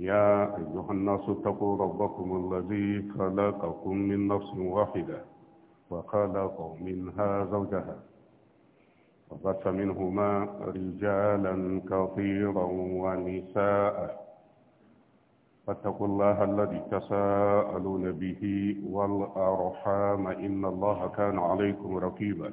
يا أيها الناس اتقوا ربكم الذي خلقكم من نفس واحدة وخلق منها زوجها وبث منهما رجالا كثيرا ونساء فاتقوا الله الذي تساءلون به والأرحام إن الله كان عليكم رقيبا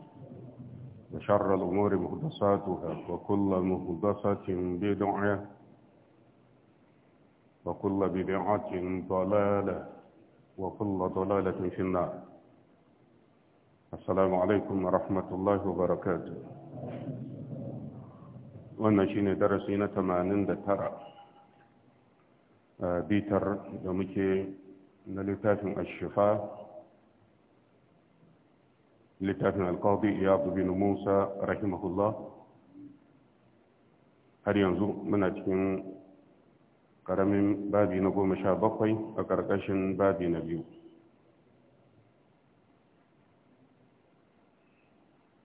وشر الأمور مهدساتها وكل مهدسة بدعة وكل بدعة ضلالة وكل ضلالة في النار السلام عليكم ورحمة الله وبركاته ونشين درسين تمانين ترى آه، بيتر يومك نلتاف الشفاء littafin alkawbi iyadu bin musa rahimahullah har yanzu muna cikin karamin babi na goma sha bakwai a ƙarƙashin babi na biyu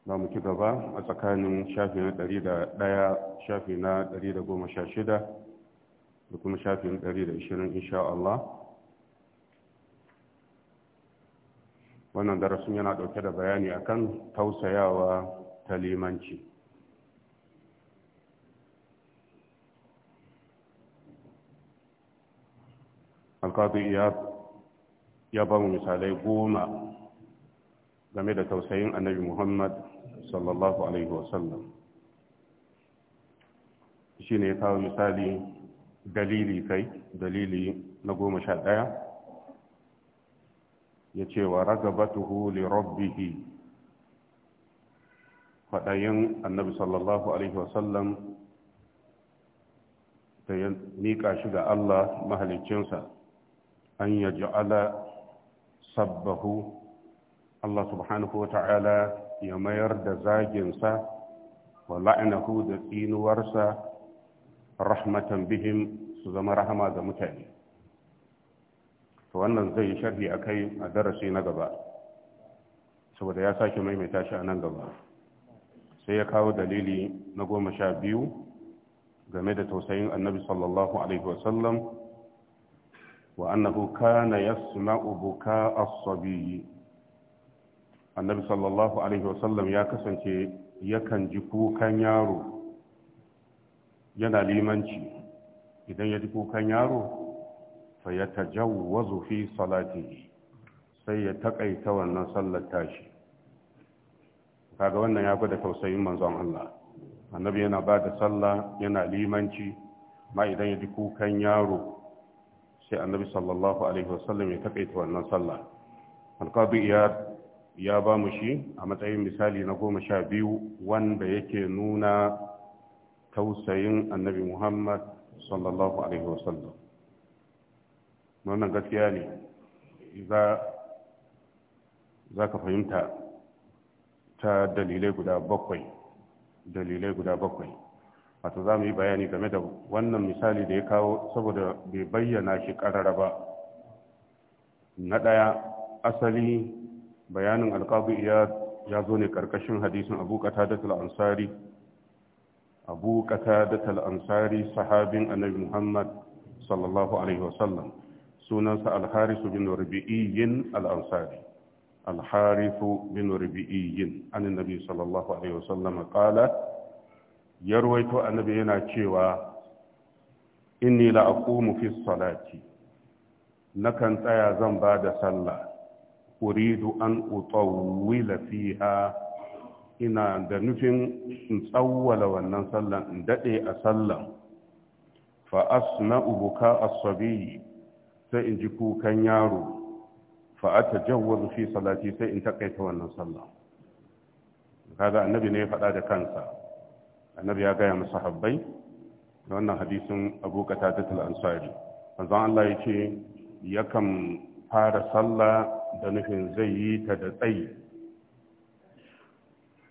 za mu ci gaba a tsakanin shafi na ɗari da ɗaya shafi na ɗari da goma sha shida da kuma shafi na ɗari da ishirin insha Allah wannan darasin yana ɗauke da bayani akan tausayawa ta limanci alkadu ya ba mu misalai goma game da tausayin annabi muhammad sallallahu alaihi wasallam shi ne ya kawo misali dalili kai dalili na goma sha ɗaya ya ce wa ragabatuhu li rabbihi faɗayin annabi sallallahu alaihi wasallam da ya miƙa shi ga Allah mahalicinsa an ya ji'ala sabbahu Allah subhanahu wa ta'ala ya mayar da zaginsa wa la'inahu da tsinuwarsa rahmatan bihim su zama rahama ga mutane wannan zai yi sharhi a kai a darasi na gaba saboda ya sake maimaita shi a nan gaba sai ya kawo dalili na goma sha biyu game da tausayin annabi sallallahu alaihi wasallam wa annahu kana yasma'u buka as-sabi annabi sallallahu alaihi wasallam ya kasance yakan ji kukan yaro yana limanci idan ya ji kukan yaro fa ya tajawwazu fi salatihi sai ya taƙaita wannan sallar tashi kaga wannan ya gwada tausayin manzon Allah annabi yana ba da sallah yana limanci ma idan ya ji kukan yaro sai annabi sallallahu alaihi wasallam ya takaita wannan sallah alqadi iyad ya ba mu shi a matsayin misali na goma sha biyu wanda yake nuna tausayin annabi muhammad sallallahu alaihi wasallam wannan gaskiya ne za ka fahimta ta dalilai guda bakwai dalilai guda bakwai wato za mu yi bayani game da wannan misali da ya kawo saboda bai bayyana shi karara ba na ɗaya asali bayanin alƙabu ya zo ne ƙarƙashin hadisin abu qatadatul ansari abu qatadatul sahabin annabi muhammad sallallahu alaihi wasallam sunansa alharisu bin rubi'iyyin al'ansari alharisu bin rubi'iyyin an nabi sallallahu alaihi wasallam kala ya annabi yana cewa inni la aqumu fi salati nakan tsaya zan ba da sallah uridu an utawwila fiha ina da nufin in tsawwala wannan sallan in dade a sallan fa asma'u buka as-sabi sai in ji kukan yaro fa'ata jawwazu fi salati sai in takaita wannan sallah kaga annabi ne ya faɗa da kansa annabi ya gaya masa habbai da wannan hadisin abokata ta talansari manzon Allah ya ce yakan fara sallah da nufin zai yi ta da tsayi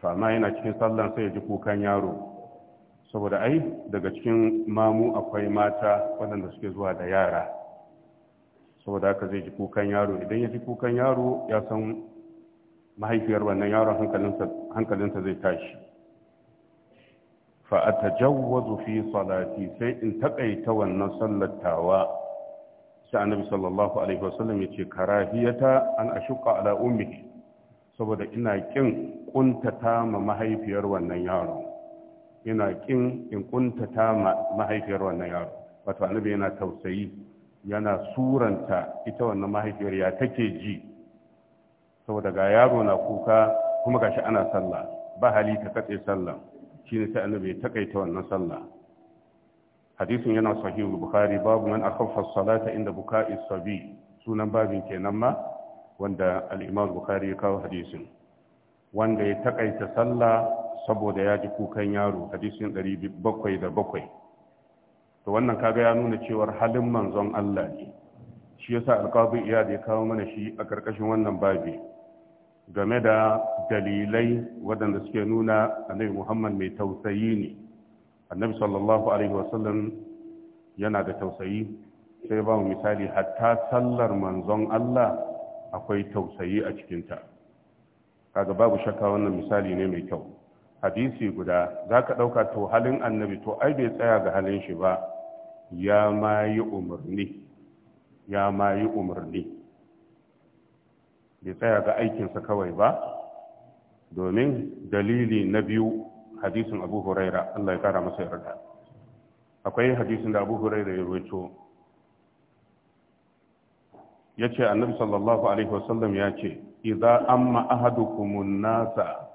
to yana cikin sallar sai ya ji kukan yaro saboda ai daga cikin mamu akwai mata waɗanda suke zuwa da yara saboda haka zai ji kukan yaro idan ya ji kukan yaro ya san mahaifiyar wannan yaro hankalinsa zai tashi fa'atajawwazu fi salati sai in taƙaita wannan sallatawa sai annabi sallallahu alaihi wasallam ya karahiyata an ashqa ala ummihi saboda ina kin kuntata ma mahaifiyar wannan yaro ina kin in kuntata ma mahaifiyar wannan yaro wato annabi yana tausayi yana suranta ita wannan mahaifiyar ya take ji saboda ga yaro na kuka kuma gashi ana sallah ba hali ta katse sallah shine sai annabi ya takaita wannan sallah hadisin yana sahihu bukhari babu man akhaffa as-salata inda buka'i sabi sunan babin kenan ma wanda al-imam bukhari ya kawo hadisin wanda ya takaita sallah saboda ya ji kukan yaro hadisin bakwai. to wannan kaga ya nuna cewar halin manzon Allah ne shi yasa alqabi iyad ya kawo mana shi a karkashin wannan babi game da dalilai waɗanda suke nuna annabi Muhammad mai tausayi ne annabi sallallahu alaihi wasallam yana da tausayi sai ba mu misali hatta sallar manzon Allah akwai tausayi a cikinta kaga babu shakka wannan misali ne mai kyau hadisi guda za ka ɗauka to halin annabi to ai bai tsaya ga halin shi ba ya ma yi umarni ya ma yi umarni bai tsaya ga aikinsa kawai ba domin dalili na biyu hadisin abu huraira Allah ya kara masa yarda akwai hadisin da abu huraira ya rawaito ya ce annabi sallallahu alaihi wasallam ya ce idza amma ahadukumun nasa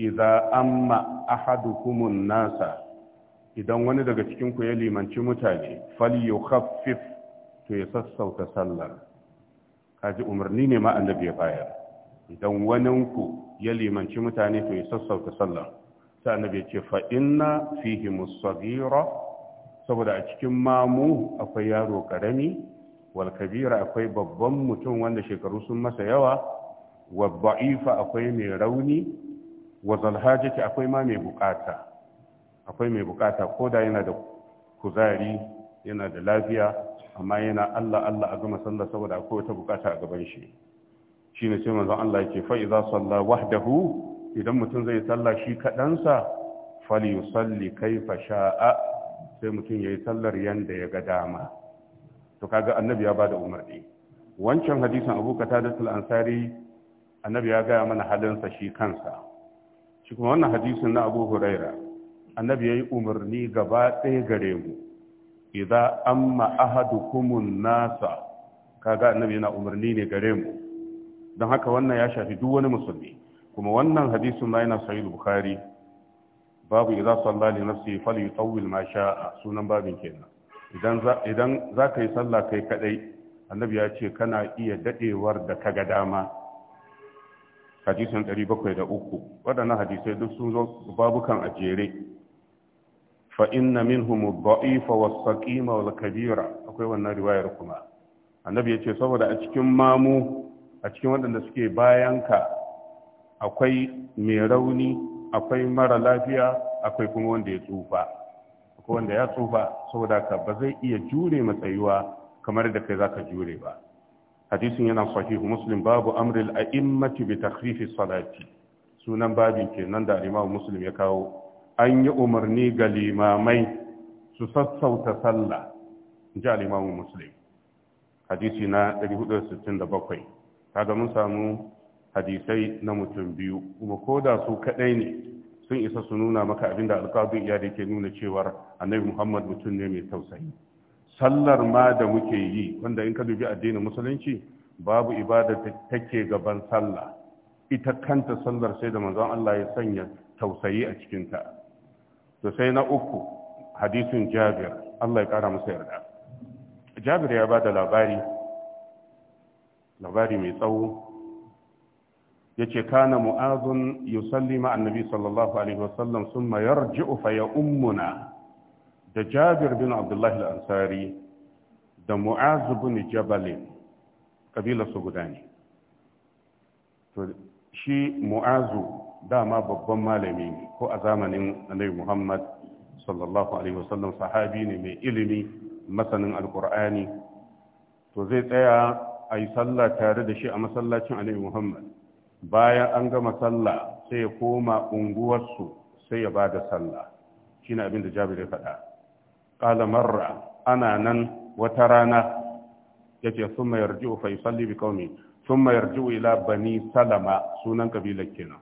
idza amma ahadukumun nasa idan wani daga cikin ku ya limanci mutane falyukhaffif to ya sassauta sallar kaji umarni ne ma annabi ya bayar idan wani ku ya limanci mutane to ya sassauta sallar sai annabi ya ce fa inna fihi musaghira saboda a cikin mamu akwai yaro karami wal kabira akwai babban mutum wanda shekaru sun masa yawa wa da'ifa akwai mai rauni wa zalhajati akwai ma mai bukata akwai mai bukata ko da yana da kuzari yana da lafiya amma yana Allah Allah a gama sallah saboda akwai wata bukata a gaban shi shine sai manzon Allah yake fa idza salla wahdahu idan mutum zai sallah shi kadansa falyusalli kaifa sha'a sai mutum yayi sallar yanda ya ga dama to kaga annabi ya bada umarni wancan hadisin Abu Qatada al-Ansari annabi ya gaya mana halinsa shi kansa shi kuma wannan hadisin na Abu Huraira annabi yi umarni gaba ɗaya gare mu idza amma ahadukumun nasa kaga annabi yana umarni ne gare mu don haka wannan ya shafi duk wani musulmi kuma wannan hadisin na yana sahih bukhari babu idza salla li nafsi falyutawwil ma sha'a sunan babin kenan idan idan zaka yi sallah kai kadai annabi ya ce kana iya dadewar da kaga dama hadisin 703 waɗannan hadisai duk sun zo babukan a jere fa inna minhum ad-da'ifa saqima wa kabira akwai wannan riwayar kuma annabi yace saboda a cikin mamu a cikin waɗanda suke bayan ka, akwai mai rauni akwai mara lafiya akwai kuma wanda ya tsufa akwai wanda ya tsufa saboda ka ba zai iya jure matsayuwa kamar da kai zaka jure ba hadisin yana sahihu muslim babu amril a'immati bi takhfifi salati sunan babin kenan da imamu muslim ya kawo an yi umarni ga limamai su sassauta sallah ji al'imamu muslim hadisi na 467 kaga mun samu hadisai na mutum biyu kuma ko da su kadai ne sun isa su nuna maka abinda alƙadun iya da ke nuna cewar annabi muhammad mutum ne mai tausayi sallar ma da muke yi wanda in ka dubi addinin musulunci babu ibada ta take gaban sallah ita kanta sallar sai da manzon Allah ya sanya tausayi a cikinta to sai na uku hadisin jabir Allah ya kara masa yarda jabir ya da labari labari mai tsawo Ya ce kana mu'azun yusalli ma annabi sallallahu alaihi wasallam thumma yarji'u fa ya ummuna da jabir bin Abdullahi al-ansari da mu'az bin jabal kabila su guda ne shi mu'azu dama babban malami ko a zamanin annabi Muhammad sallallahu alaihi wasallam sahabi ne mai ilimi masanin alkur'ani to zai tsaya a yi sallah tare da shi a masallacin annabi Muhammad bayan an gama sallah sai ya koma unguwarsu sai ya ba da sallah shine abin da Jabir ya faɗa qala marra ana nan wata rana yace thumma yarji'u fa yusalli bi qaumi thumma yarji'u ila bani salama sunan kabilar kenan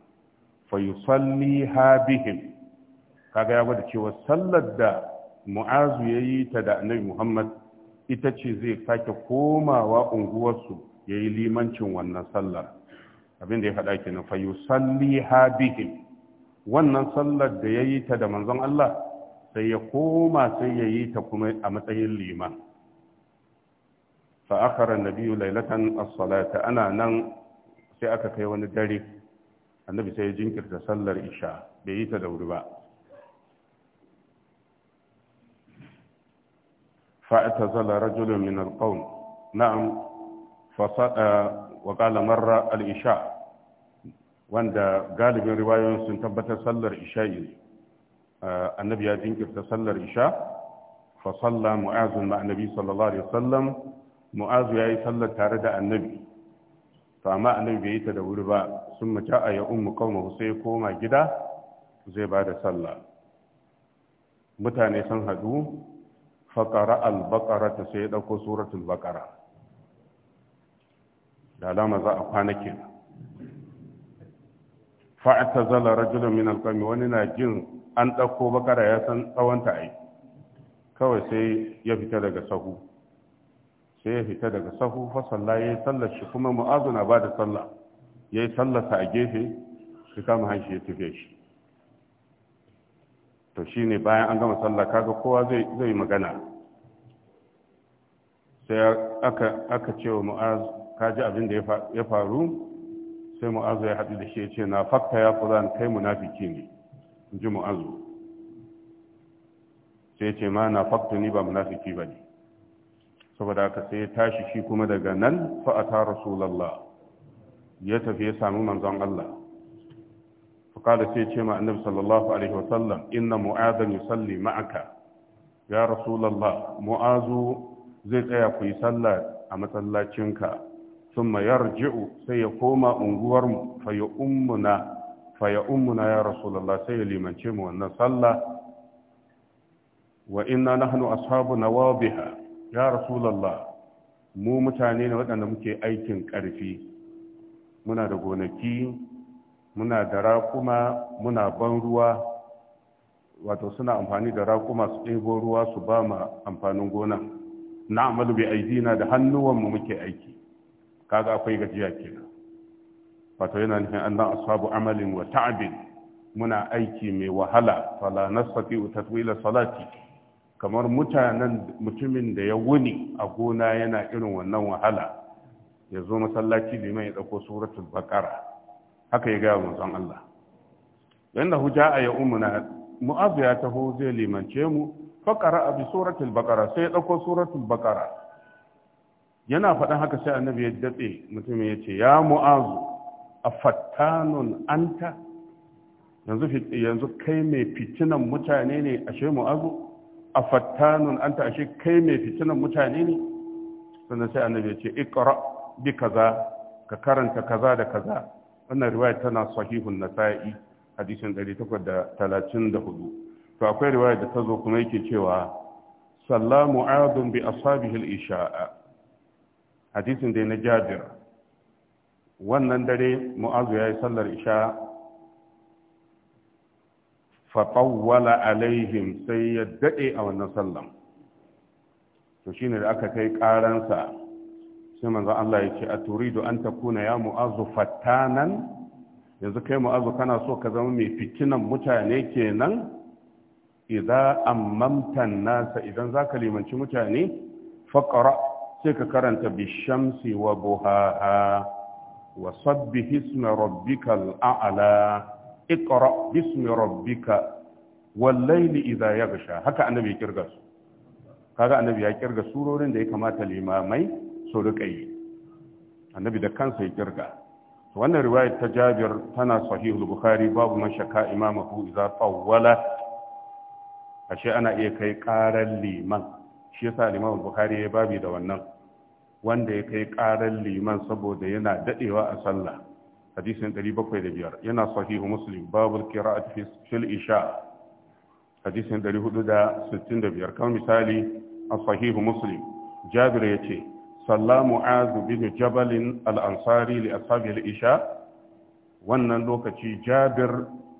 fayusalliha bihim kaga ya gwada cewa sallar da mu'azu ya yi ta da annabi muhammad ita ce zai sake komawa unguwarsu ya yi limancin wannan sallar abin da ya faɗa kenan ha bihim wannan sallar da ya yi ta da manzon allah sai ya koma sai ya yi ta kuma a matsayin liman fa'akara na biyu lailatan as-salata ana nan sai aka kai wani dare annabi sai ya jinkirta sallar isha bai yi ta da wuri ba fa’ata zala rajulun min alƙaun na’am fasada eh, wa ƙala marra wanda galibin riwayoyin sun tabbatar sallar isha yi eh, annabi ya jinkirta sallar isha fasalla mu'azun ma'anabi sallallahu alaihi wasallam mu'azu ya yi sallar tare da annabi fa annabi bai yi ta da wuri ba sun mace a ya ummu kauma sai koma gida zai ba da sallah mutane sun haɗu faƙara albaƙara ta sai ɗauko suratul baƙara da alama za a kwanakin fa'ata zala rajulun min alƙami wani na jin an ɗauko baƙara ya san tsawonta ai kawai sai ya fita daga sahu sai ya fita daga sahu fasalla ya yi sallar shi kuma mu'azu na ba da sallah ya yi sallarsa a gefe su kama hanshi ya tafiya shi to shi ne bayan an gama sallah kaga kowa zai magana sai aka ce wa mu'az kaji abin da ya faru sai mu'azu ya haɗu da shi ya ce na fakta ya fulan kai munafiki ne in ji mu'azu sai ce ma na fakta ni ba munafiki ba ne saboda aka sai ya tashi shi kuma daga nan fa'ata rasulallah ya tafi ya sami manzon Allah faƙada sai ce ma annabi sallallahu alaihi wa sallam, inna mu'adhan yusalli ma'aka ya rasulullah mu'azu zai tsaya ku yi sallah a masallacinka thumma yarji'u sai ya koma unguwar mu fa ya ummuna fa ya ummuna ya rasulullah sai ya limance mu wannan sallah wa inna nahnu ashabu nawabiha ya rasulullah mu mutane ne waɗanda muke aikin ƙarfi muna da gonaki muna da rakuma muna ban ruwa wato suna amfani da rakuma su ɗebo ruwa su ba ma amfanin gona na amalu bai aiki na da hannuwanmu muke aiki kaga akwai gajiya kenan wato yana nufin annan ashabu amalin wa ta'abin muna aiki mai wahala fala nasfati tatwila salati kamar mutanen mutumin da ya wuni a gona yana irin wannan wahala ya zo masallaci liman ya ɗauko suratul baqara haka ya gaya manzon Allah yanda huja a ya umuna mu'azu ya taho zai limance mu faqara bi suratul baqara sai ya ɗauko suratul baqara yana faɗan haka sai annabi ya datse mutumin ya ce ya mu'azu afattanun anta yanzu yanzu kai mai fitinan mutane ne ashe mu'azu afattanun anta ashe kai mai fitinan mutane ne sannan sai annabi ya ce iqra' bi kaza ka karanta kaza da kaza wannan riwaya tana sahihun nasa'i hadisin 834 to akwai riwaya da ta kuma yake cewa sallamu mu'adun bi ashabihi al-isha'a hadisin da na jabir wannan dare mu'azu yayi sallar isha fa tawwala alaihim sai ya dade a wannan sallam. to shine da aka kai karansa sai manzon Allah ya ce a turidu an takuna ya mu'azu fattanan yanzu kai mu'azu kana so ka zama mai fitinan mutane kenan idan ammamtan nasa idan zaka limanci mutane faqra sai ka karanta bishamsi wa buhaha wa sabbih isma rabbikal a'la iqra bismi rabbika wal layli idha yaghsha haka annabi ya kirga su kaga annabi ya kirga surorin da ya kamata limamai su rika yi annabi da kansa ya kirga wannan riwayar ta jabir tana sahihul bukhari babu man shakka imamahu idza tawwala ashe ana iya kai karar liman shi yasa imam bukhari ya babu da wannan wanda ya kai karar liman saboda yana dadewa a sallah hadisin 705 yana sahihu muslim babul qira'at fi fil isha hadisin 465 kamar misali a sahihu muslim jabir ce. salla mu'azu bin jabalin al-ansari li ashabi al-isha wannan lokaci jabir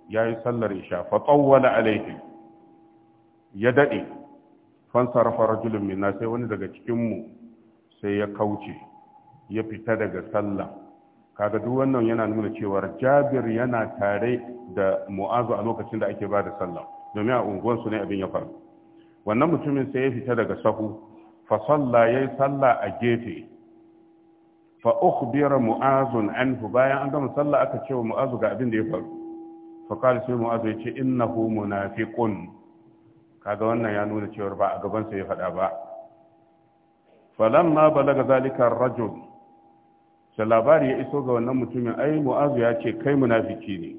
ya yi sallar isha fa tawwala alayhi ya dade fansarafa rajulun minna sai wani daga cikin mu sai ya kauce ya fita daga sallah kaga duk wannan yana nuna cewa jabir yana tare da mu'azu a lokacin da ake ba da sallah domin a unguwansu ne abin ya faru wannan mutumin sai ya fita daga sahu fa ya yi sallah a gefe fa ukhbira mu'azun anhu bayan an gama sallah aka ce wa mu'azu ga abin da ya faru fa qala sai mu'azu ya ce innahu munafiqun kaga wannan ya nuna cewa ba a gaban sa ya faɗa ba falamma balaga zalika ar-rajul sai labari ya iso ga wannan mutumin ai mu'azu ya ce kai munafiki ne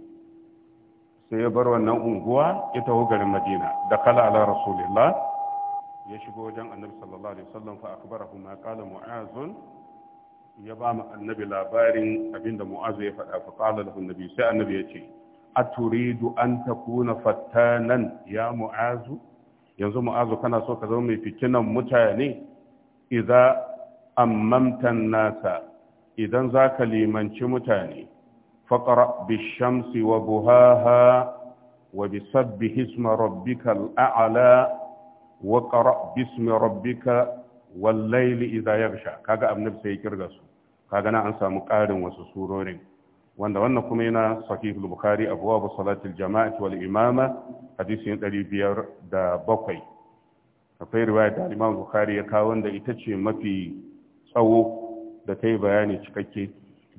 sai ya bar wannan unguwa ya taho garin madina da kala ala rasulillah ya shigo wajen annabi sallallahu alaihi wasallam fa akbarahu ma qala mu'az ya ba mu annabi labarin abinda mu'az ya faɗa fa qala lahu annabi sai annabi ya ce aturidu an takuna fattanan ya mu'az yanzu mu'az kana so ka zama mai fitinan mutane idza ammamtan nasa idan zaka limanci mutane faqra bishamsi wa buhaha wa bisabbihi isma rabbikal a'la wa qara bismi rabbika wal layli idha yaghsha kaga annabi sai ya kirga su kaga na an samu ƙarin wasu surorin wanda wannan kuma yana sahihul bukhari abwaab salatil jama'ati wal imama hadisin 507 akwai riwaya da imam bukhari ya kawo wanda ita ce mafi tsawo da ta yi bayani cikakke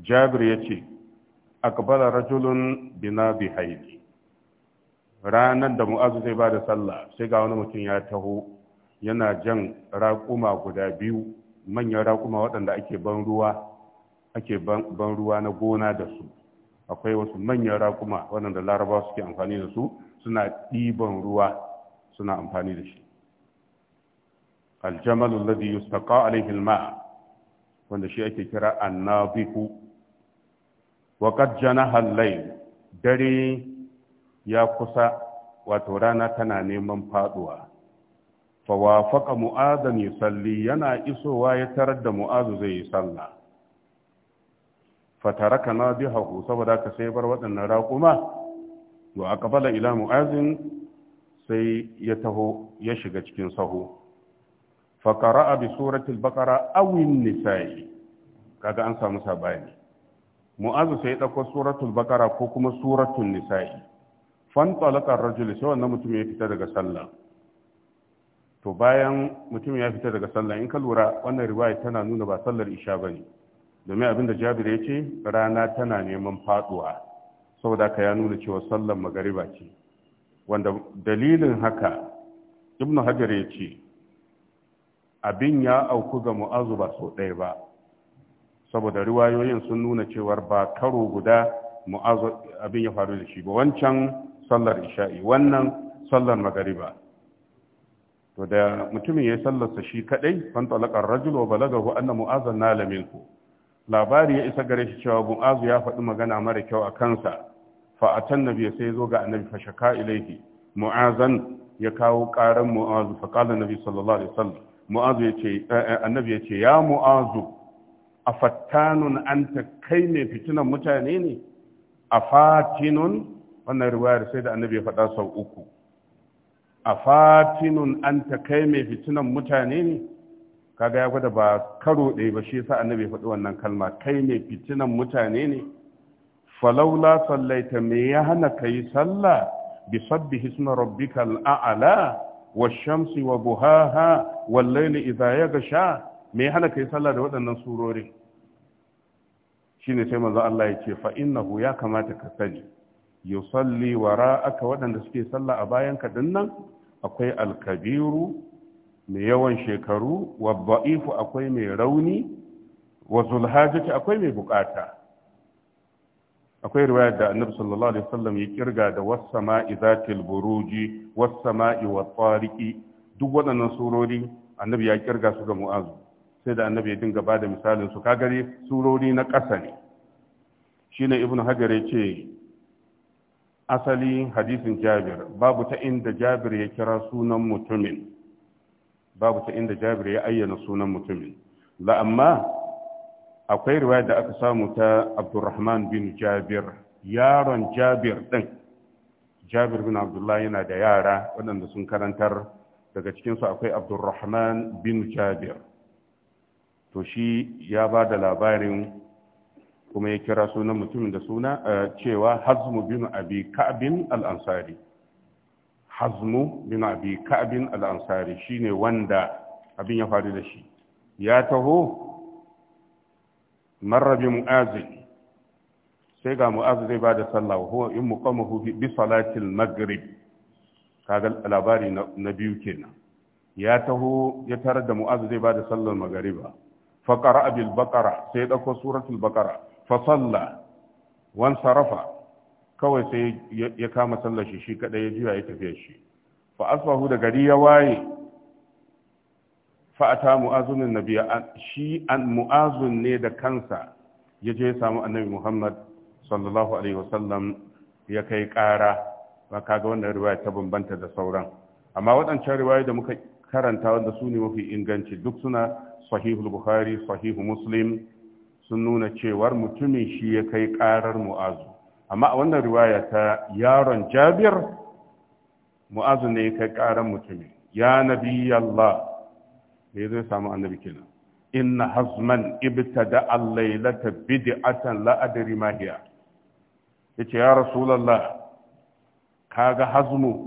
jabir ya ce akbala rajulun bina bi haidi ranar da mu'azu zai ba da sallah sai ga wani mutum ya taho yana jan raƙuma guda biyu manyan raƙuma waɗanda ake ban ruwa ake ban ruwa na gona da su akwai wasu manyan raƙuma waɗanda laraba suke amfani da su suna ɗiban ruwa suna amfani da shi aljamal alladhi yustaqa alayhi alma wanda shi ake kira annabiku, wa qad janaha dare ya kusa wato rana tana neman faduwa fawafaka mu'adhan yusalli yana isowa ya tarar da mu'azu zai yi sallah fataraka na saboda ka sai bar waɗannan raƙuma wa aqbala ila mu'azin sai ya taho ya shiga cikin sahu. fa qara'a bi surati al-baqara aw an-nisa'i kaga an samu sabani mu'azu sai ya dauko suratul baqara ko kuma suratul nisa'i fantalaka rajuli sai wannan mutum ya fita daga sallah to bayan mutum ya fita daga sallah in ka lura wannan riwaya tana nuna ba sallar isha bane domin abin da Jabir ya ce rana tana neman faduwa saboda ka ya nuna cewa sallar magariba ce wanda dalilin haka Ibn Hajar ya ce abin ya auku ga Mu'azu ba sau ɗaya ba saboda riwayoyin sun nuna cewar ba karo guda Mu'azu abin ya faru da shi ba wancan sallar isha'i wannan sallar magariba to da mutumin ya yi sallarsa shi kadai fan talaqar rajul wa balagahu anna mu'azan nala minku labari ya isa gare shi cewa mu'azu ya faɗi magana mara kyau a kansa fa atan nabi sai ya zo ga annabi fa shaka ilaihi mu'azan ya kawo karan mu'azu fa qala nabi sallallahu alaihi wasallam mu'azu yace eh, eh, annabi yace ya mu'azu afattanun anta kai ne fitinan mutane ne afatinun wannan riwayar sai da annabi ya faɗa sau uku a fatinun an ta kai mai fitinan mutane ne kaga ya gwada ba karo ɗaya ba shi yasa annabi ya faɗi wannan kalma kai mai fitinan mutane ne falaula sallaita me ya hana yi sallah bi sabbi hisma wa Shamsi wa وضحاها والليل إذا يغشى me hana yi sallah da waɗannan surorin shine sai manzo Allah ya ce fa innahu ya kamata ka sani yusalli wara'aka waɗanda suke sallah a bayan ka nan? akwai alkabiru mai yawan shekaru wa ba'ifu akwai mai rauni wa zulhajati akwai mai bukata akwai riwayar da annabi sallallahu alaihi wasallam ya kirga da was-sama'i zatil buruji was-sama'i wat-tariqi duk waɗannan surori annabi ya kirga su ga mu'azu sai da annabi ya dinga da misalin su kagare surori na ƙasa ne shine ibnu hajar ya ce asalin hadisin jabir babu ta inda jabir ya kira sunan mutumin babu ta inda jabir ya ayyana sunan mutumin la amma akwai riwaya da aka samu ta abdurrahman bin jabir yaron jabir din jabir bin abdullahi yana da yara waɗanda sun karantar daga cikinsu akwai abdurrahman bin jabir to shi ya ba da labarin kuma ya kira sunan mutumin da suna eh, cewa hazmu bin abi ka'bin al-ansari hazmu bin abi ka'bin al'ansari shi ne wanda abin ya faru da shi ya taho marra Mu'azi, sai ga Mu'azi zai ba da sallah huwa in muqamahu bi salatil maghrib kaga labari na biyu kenan ya taho ya tarar da Mu'azi zai ba da sallar magariba fa qara'a bil baqara sai dauko suratul baqara fasalla wan kawai sai ya kama sallar shi shi kadai ya juya ya tafiya shi fa asbahu da gari ya waye fa ata mu'azunin nabiya shi an mu'azun ne da kansa ya je ya samu annabi muhammad sallallahu alaihi wasallam ya kai ƙara ba kaga wannan riwaya ta bambanta da sauran amma waɗancan riwaya da muka karanta wanda su ne mafi inganci duk suna sahihul bukhari sahihu muslim sun nuna cewar mutumin shi ya kai ƙarar mu'azu amma a wannan riwaya ta yaron jabir mu'azu ne ya kai ƙarar mutumin ya nabi Allah da zai samu annabi kenan inna hazman ibtada da lailata bid'atan la adri ma hiya yace ya rasulullah kaga hazmu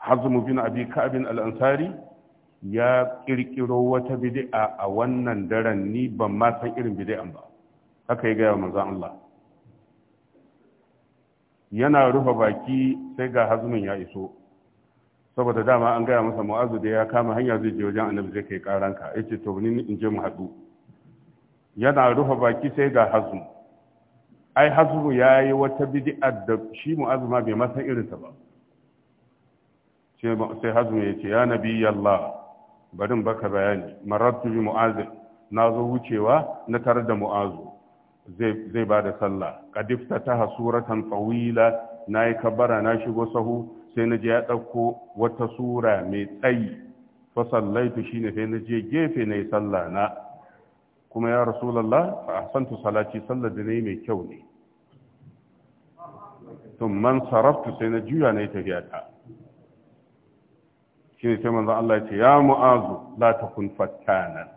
hazmu bin abi ka al-ansari ya kirkiro wata bid'a a wannan daren ni ban ma san irin bid'an ba haka ya gaya wa manzon Allah yana rufe baki sai ga hazumin ya iso saboda dama an gaya masa mu'azu da ya kama hanya zai je wajen annabi zai kai karanka yace to ni in je mu haɗu yana rufe baki sai ga hazum ai hazum ya yi wata bid'a da shi mu'azu ma bai masa ta ba sai hazum ya ce ya nabi Allah barin baka bayani marattu bi mu'azi na zo wucewa na tare da mu'azu zai ba da sallah kadifta ta suratan tawila na yi kabara na shigo sahu sai na je ya ɗauko wata sura mai tsayi fa sallaitu shine sai na je gefe na yi sallah na kuma ya rasulallah a ahsantu salaci sallar da nayi mai kyau ne to man sarraftu sai na juya na yi tafiya ta shi ne sai manzo Allah ya ce ya mu'azu la takun fattana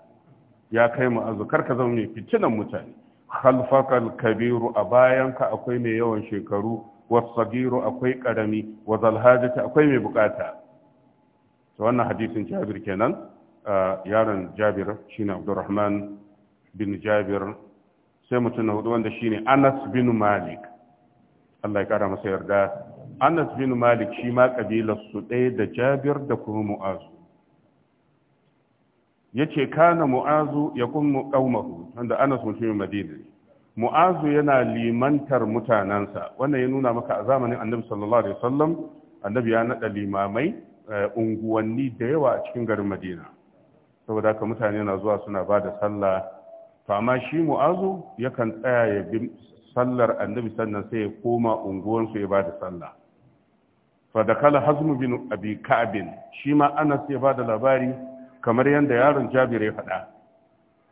ya kai mu'azu kar ka zama mai fitinan mutane khalfakal kabiru a bayanka akwai mai yawan shekaru wasagiru akwai karami wa zalhajata akwai mai bukata to wannan hadisin Jabir kenan yaron Jabir shine Abdurrahman bin Jabir sai mutum na hudu wanda shine Anas bin Malik Allah ya kara masa yarda anas bin malik shi ma kabilar su ɗaya da jabir da kuma mu'azu ya ce kana mu'azu ya kuma ƙaumahu wanda anas mutumin madina mu'azu yana limantar mutanensa wannan ya nuna maka a zamanin annabi sallallahu alaihi wasallam annabi ya naɗa limamai eh, unguwanni da yawa a cikin garin madina saboda haka mutane na zuwa suna bada da sallah to amma shi mu'azu yakan tsaya ya bi sallar annabi sannan sai ya koma unguwansu ya bada sallah fa da kala hazmu bin abi ka'bin shi ma anas ya bada labari kamar yadda yaron jabir ya faɗa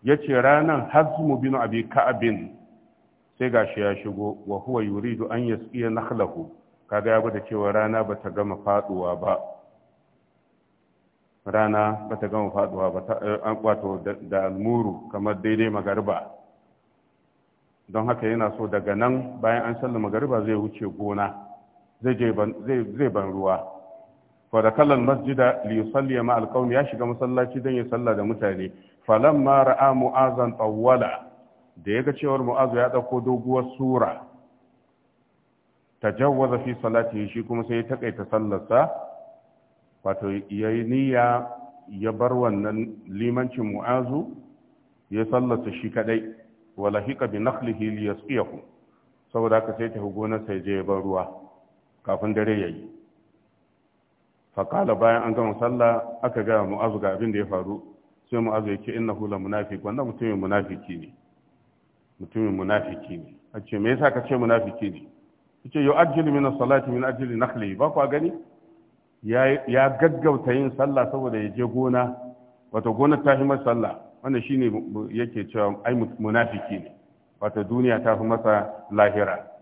yace ranan hazmu bin abi ka'bin sai gashi ya shigo wa huwa yuridu an yasqiya nakhlahu kaga ya gwada cewa rana bata gama faduwa ba rana bata gama faduwa ba an kwato eh, da almuru kamar daidai magariba don haka yana so daga nan bayan an sallama magariba zai wuce gona zai ban ruwa da kallon masjida li salli ma alqawm ya shiga masallaci dan ya salla da mutane Falon mara ra'a mu'azan tsawwala da ya ga cewar mu'azu ya ɗauko doguwar sura Ta tajawwaza fi salati shi kuma sai ya takaita sallarsa wato yi niyya ya bar wannan limancin mu'azu ya sallarsa shi kadai wala hiƙa bi nakhlihi li saboda haka sai ta gonar ya je ya bar ruwa kafin dare ya yi fakala bayan an gama sallah aka gaya mu'azu ga abin da ya faru sai mu'azu ya ce inna hula munafik wannan mutumin munafiki ne mutumin munafiki ne a ce me yasa ka ce munafiki ne ya ce yau min as-salati min na nakhli ba ku gani ya gaggauta yin sallah saboda ya je gona wata gona ta fi masa sallah wanda shine yake cewa ai munafiki ne wata duniya ta fi masa lahira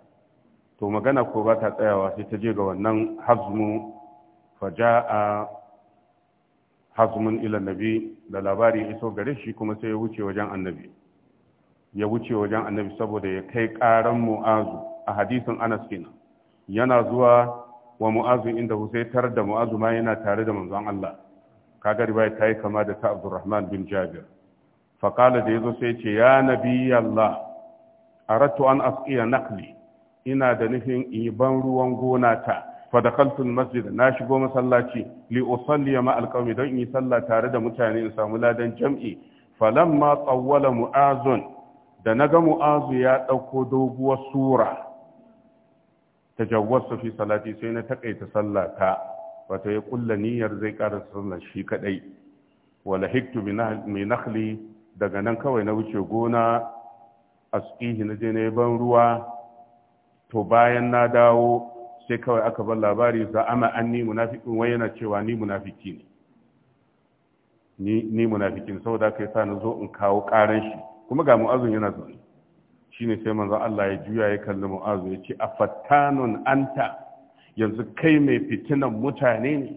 to magana ko ba ta tsayawa sai ta je ga wannan hazmu faja'a hazmun ila nabi da labari iso gare shi kuma sai ya wuce wajen annabi ya wuce wajen annabi saboda ya kai karan mu'azu a hadisin anas kenan yana zuwa wa mu'azu inda sai tar da mu'azu ma yana tare da manzon Allah kaga riwaya ta yi kama da ta Abdurrahman bin Jabir faqala da yazo sai ce ya nabi Allah aradtu an asqiya naqli ina da nufin in yi ban ruwan gona ta fadakaltu masjid na shigo masallaci li usalli ma alqawmi don in yi sallah tare da mutane in samu ladan jam'i falamma tsawwala mu'azun da naga mu'azu ya dauko doguwar sura tajawwasu fi salati sai na takaita ta wato ya kulla niyyar zai ƙara sallar shi kadai wala hiktu bi nakhli daga nan kawai na wuce gona asqihi na je na ban ruwa to bayan na dawo sai kawai aka bar labari za ama an ni munafiqin wai yana cewa ni munafiki ne ni ni munafikin saboda kai sa na zo in kawo karan shi kuma ga mu'azun yana zo shine sai manzo Allah ya juya ya kalli mu'azu ya ce afattanun anta yanzu kai mai fitinan mutane ne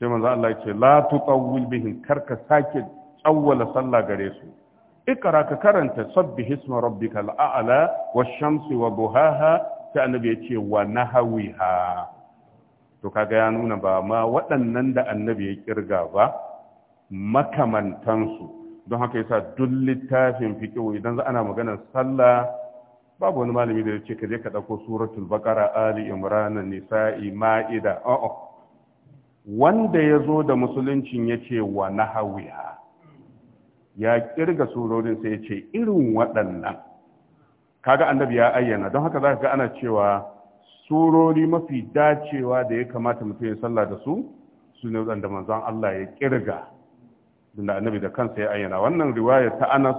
sai manzo Allah ya ce la tuqawwil bihim karka sake tsawwala sallah gare su ikara ka karanta sabbi hisma rabbika al'a'la wash-shamsi wa buhaha, sai annabi ya ce wa nahawiha to kaga ya nuna ba ma waɗannan da annabi ya kirga ba makamantansu don haka yasa duk littafin fiqh idan za ana maganar sallah babu wani malami da ya ce ka je ka ɗauko suratul baqara ali imran nisa'i ma'ida a'a wanda ya zo da musuluncin ya ce wa nahawiha ya kirga surorin sai ya ce irin waɗannan kaga annabi ya ayyana don haka za ka ga ana cewa surori mafi dacewa da ya kamata mutum ya sallah da su su ne waɗanda manzon Allah ya kirga da annabi da kansa ya ayyana wannan riwaya ta Anas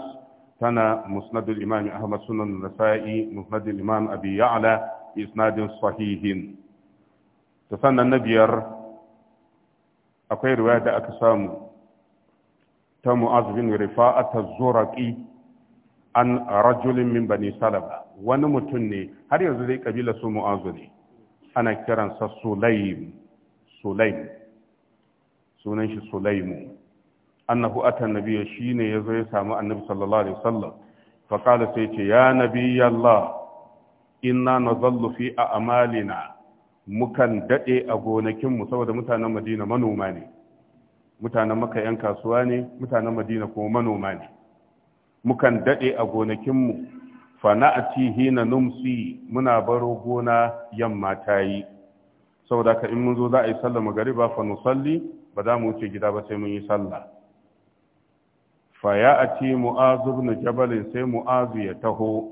tana musnadul imam Ahmad sunan Nasa'i musnadul imam Abi Ya'la isnadin sahihin to sannan na biyar akwai riwaya da aka samu ta mu'az bin rifa'at az-zuraqi an rajulin min bani salama wani mutum ne har yanzu dai kabila su mu'azu ne ana kiransa sulaim sulaim sunan shi sulaimu annahu ata nabiyya shine yazo ya samu annabi sallallahu alaihi wasallam fa qala sai ce ya nabiyallah inna nazallu fi a'malina mukan dade a gonakin mu saboda mutanen Madina manoma ne mutanen maka 'yan kasuwa ne mutanen madina kuma manoma ne mukan daɗe a gonakinmu fana a cihi na numsi muna baro gona yamma ta yi saboda ka in mun zo za a yi sallah ba fa nusalli ba za mu wuce gida ba sai mun yi sallah fa ya a ci mu'azu na jabalin sai mu'azu ya taho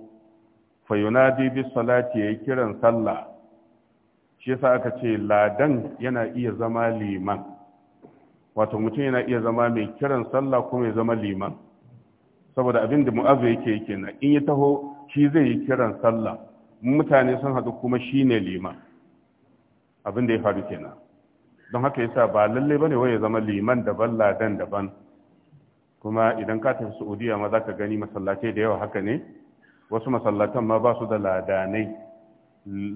fa yunadi bi salati yayi kiran sallah shi yasa aka ce ladan yana iya zama liman wato mutum yana iya zama mai kiran sallah kuma ya zama liman saboda abin da mu'azzu yake yake na in ya taho shi zai yi kiran sallah mutane sun haɗu kuma shi ne liman abin da ya faru kenan don haka yasa ba lalle bane wai ya zama liman daban ladan daban kuma idan ka tafi saudiya ma za ka gani masallatai da yawa haka ne wasu masallatan ma ba su da ladanai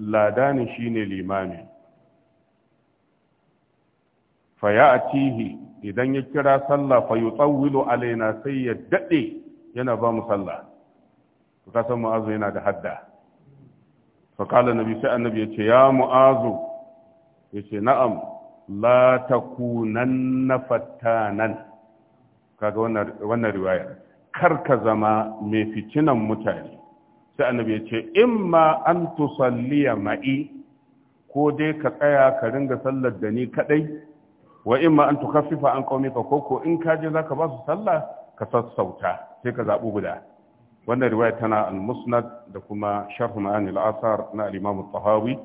ladanin shine limamin. a ya'tihi idan ya kira sallah fa yutawwilu alaina sai ya dade yana ba mu sallah to ka san mu'azu yana da hadda fa qala nabi sai annabi ya ce ya mu'azu ya ce na'am la takunanna fattanan kaga wannan wannan riwaya kar ka zama mai fitinan mutane sai annabi ya ce ma an tusalliya ma'i ko dai ka tsaya ka ringa sallar da ni kadai wa ma an tukaffifa an ka koko in ka je zaka ba su sallah ka sassauta sai ka zabu guda wannan riwaya tana al-musnad da kuma sharh al asar na al-imam tahawi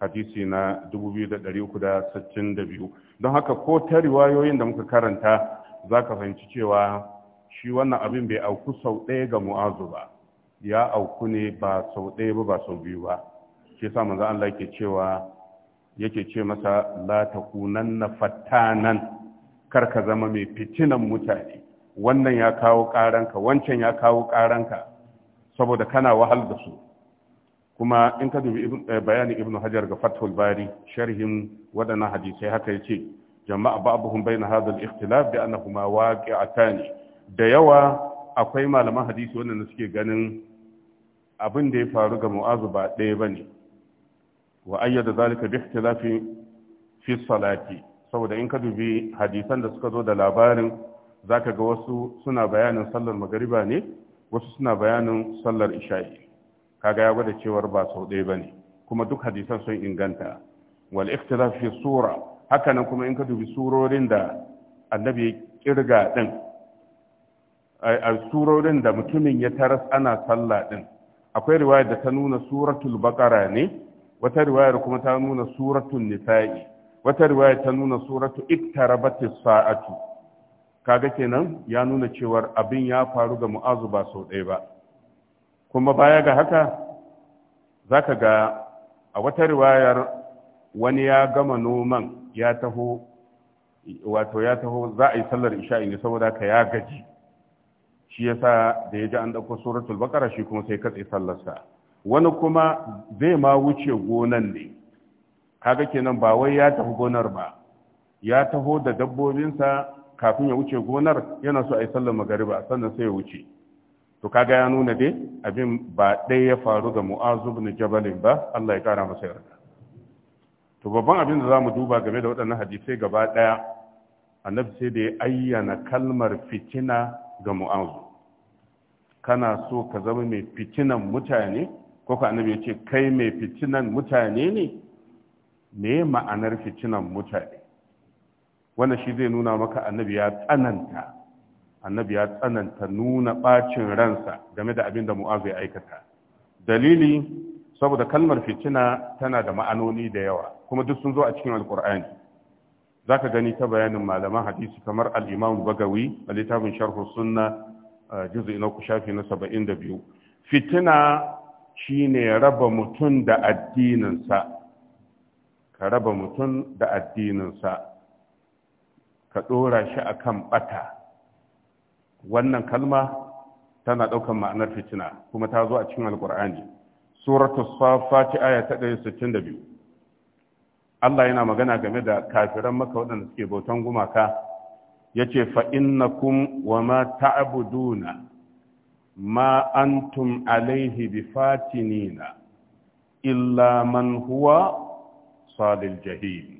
hadisi na 2362 don haka ko ta riwayoyin da muka karanta zaka fahimci cewa shi wannan abin bai auku sau ɗaya ga mu'azu ba ya auku ne ba sau ɗaya ba ba sau biyu ba shi yasa manzo Allah ke cewa yake ce masa la takunanna fattanan kar ka zama mai fitinan mutane wannan ya kawo ƙaranka wancan ya kawo ƙaranka saboda kana wahal da su kuma in ka dubi eh, bayanin ibnu hajar ga fathul bari sharhin waɗannan hadisai haka ya ce. jama'a ba'dhum bayna hadha al-ikhtilaf bi annahuma waqi'atan da yawa akwai malaman hadisi da suke ganin abin da ya faru ga mu'azu ba ɗaya bane wa ayyada zalika bi ikhtilafi fi salati saboda in ka dubi hadisan da suka zo da labarin zaka ga wasu suna bayanin sallar magariba ne wasu suna bayanin sallar isha'i kaga ya gwada cewar ba sau ɗaya bane kuma duk hadisan sun inganta wal ikhtilaf fi sura haka nan kuma in ka dubi surorin da annabi kirga din a surorin da mutumin ya taras ana sallah din akwai riwaya da ta nuna suratul baqara ne wata riwayar kuma ta nuna suratun nisa'i wata riwayar ta nuna suratu iktarabatis sa'atu kaga kenan ya nuna cewar abin ya faru ga mu'azu ba sau ɗaya ba kuma baya ga haka za ka ga a wata riwayar wani ya gama noman ya taho wato ya taho za a yi sallar isha'i ne saboda ka ya gaji shi yasa da ya ji an ɗauko suratun bakara shi kuma sai ka katse sallarsa wani kuma zai ma wuce gonan ne kaga kenan ba wai ya tafi gonar ba ya taho da dabbobinsa kafin ya wuce gonar yana so a yi sallar magariba sannan sai ya wuce to kaga ya nuna dai abin ba ɗaya ya faru ga mu'azu na jabalin ba Allah ya kara masa yarda to babban abin da za mu duba game da waɗannan hadisai gaba ɗaya annabi sai da ya ayyana kalmar fitina ga mu'azu kana so ka zama mai fitinan mutane ko annabi ya ce kai mai fitinan mutane ne me ma'anar fitinan mutane wannan shi zai nuna maka annabi ya tsananta annabi ya tsananta nuna bacin ransa game da abin da mu'azu ya aikata dalili saboda kalmar fitina tana da ma'anoni da yawa kuma duk sun zo a cikin alkur'ani zaka gani ta bayanin malaman hadisi kamar al-imam bagawi a littafin sharh sunna eh, juz'i na shafi na 72 fitina Shi ne raba mutum da addininsa ka raba mutum da addininsa ka ɗora shi a kan ɓata wannan kalma tana ɗaukan ma'anar fitina kuma ta zo a cikin alƙur'ani suratul safati aya ta 162 Allah yana magana game da kafiran maka waɗanda suke bautan gumaka yace fa innakum wa ma ta'buduna ma antum alaihi bifatinina illa man huwa salil jahim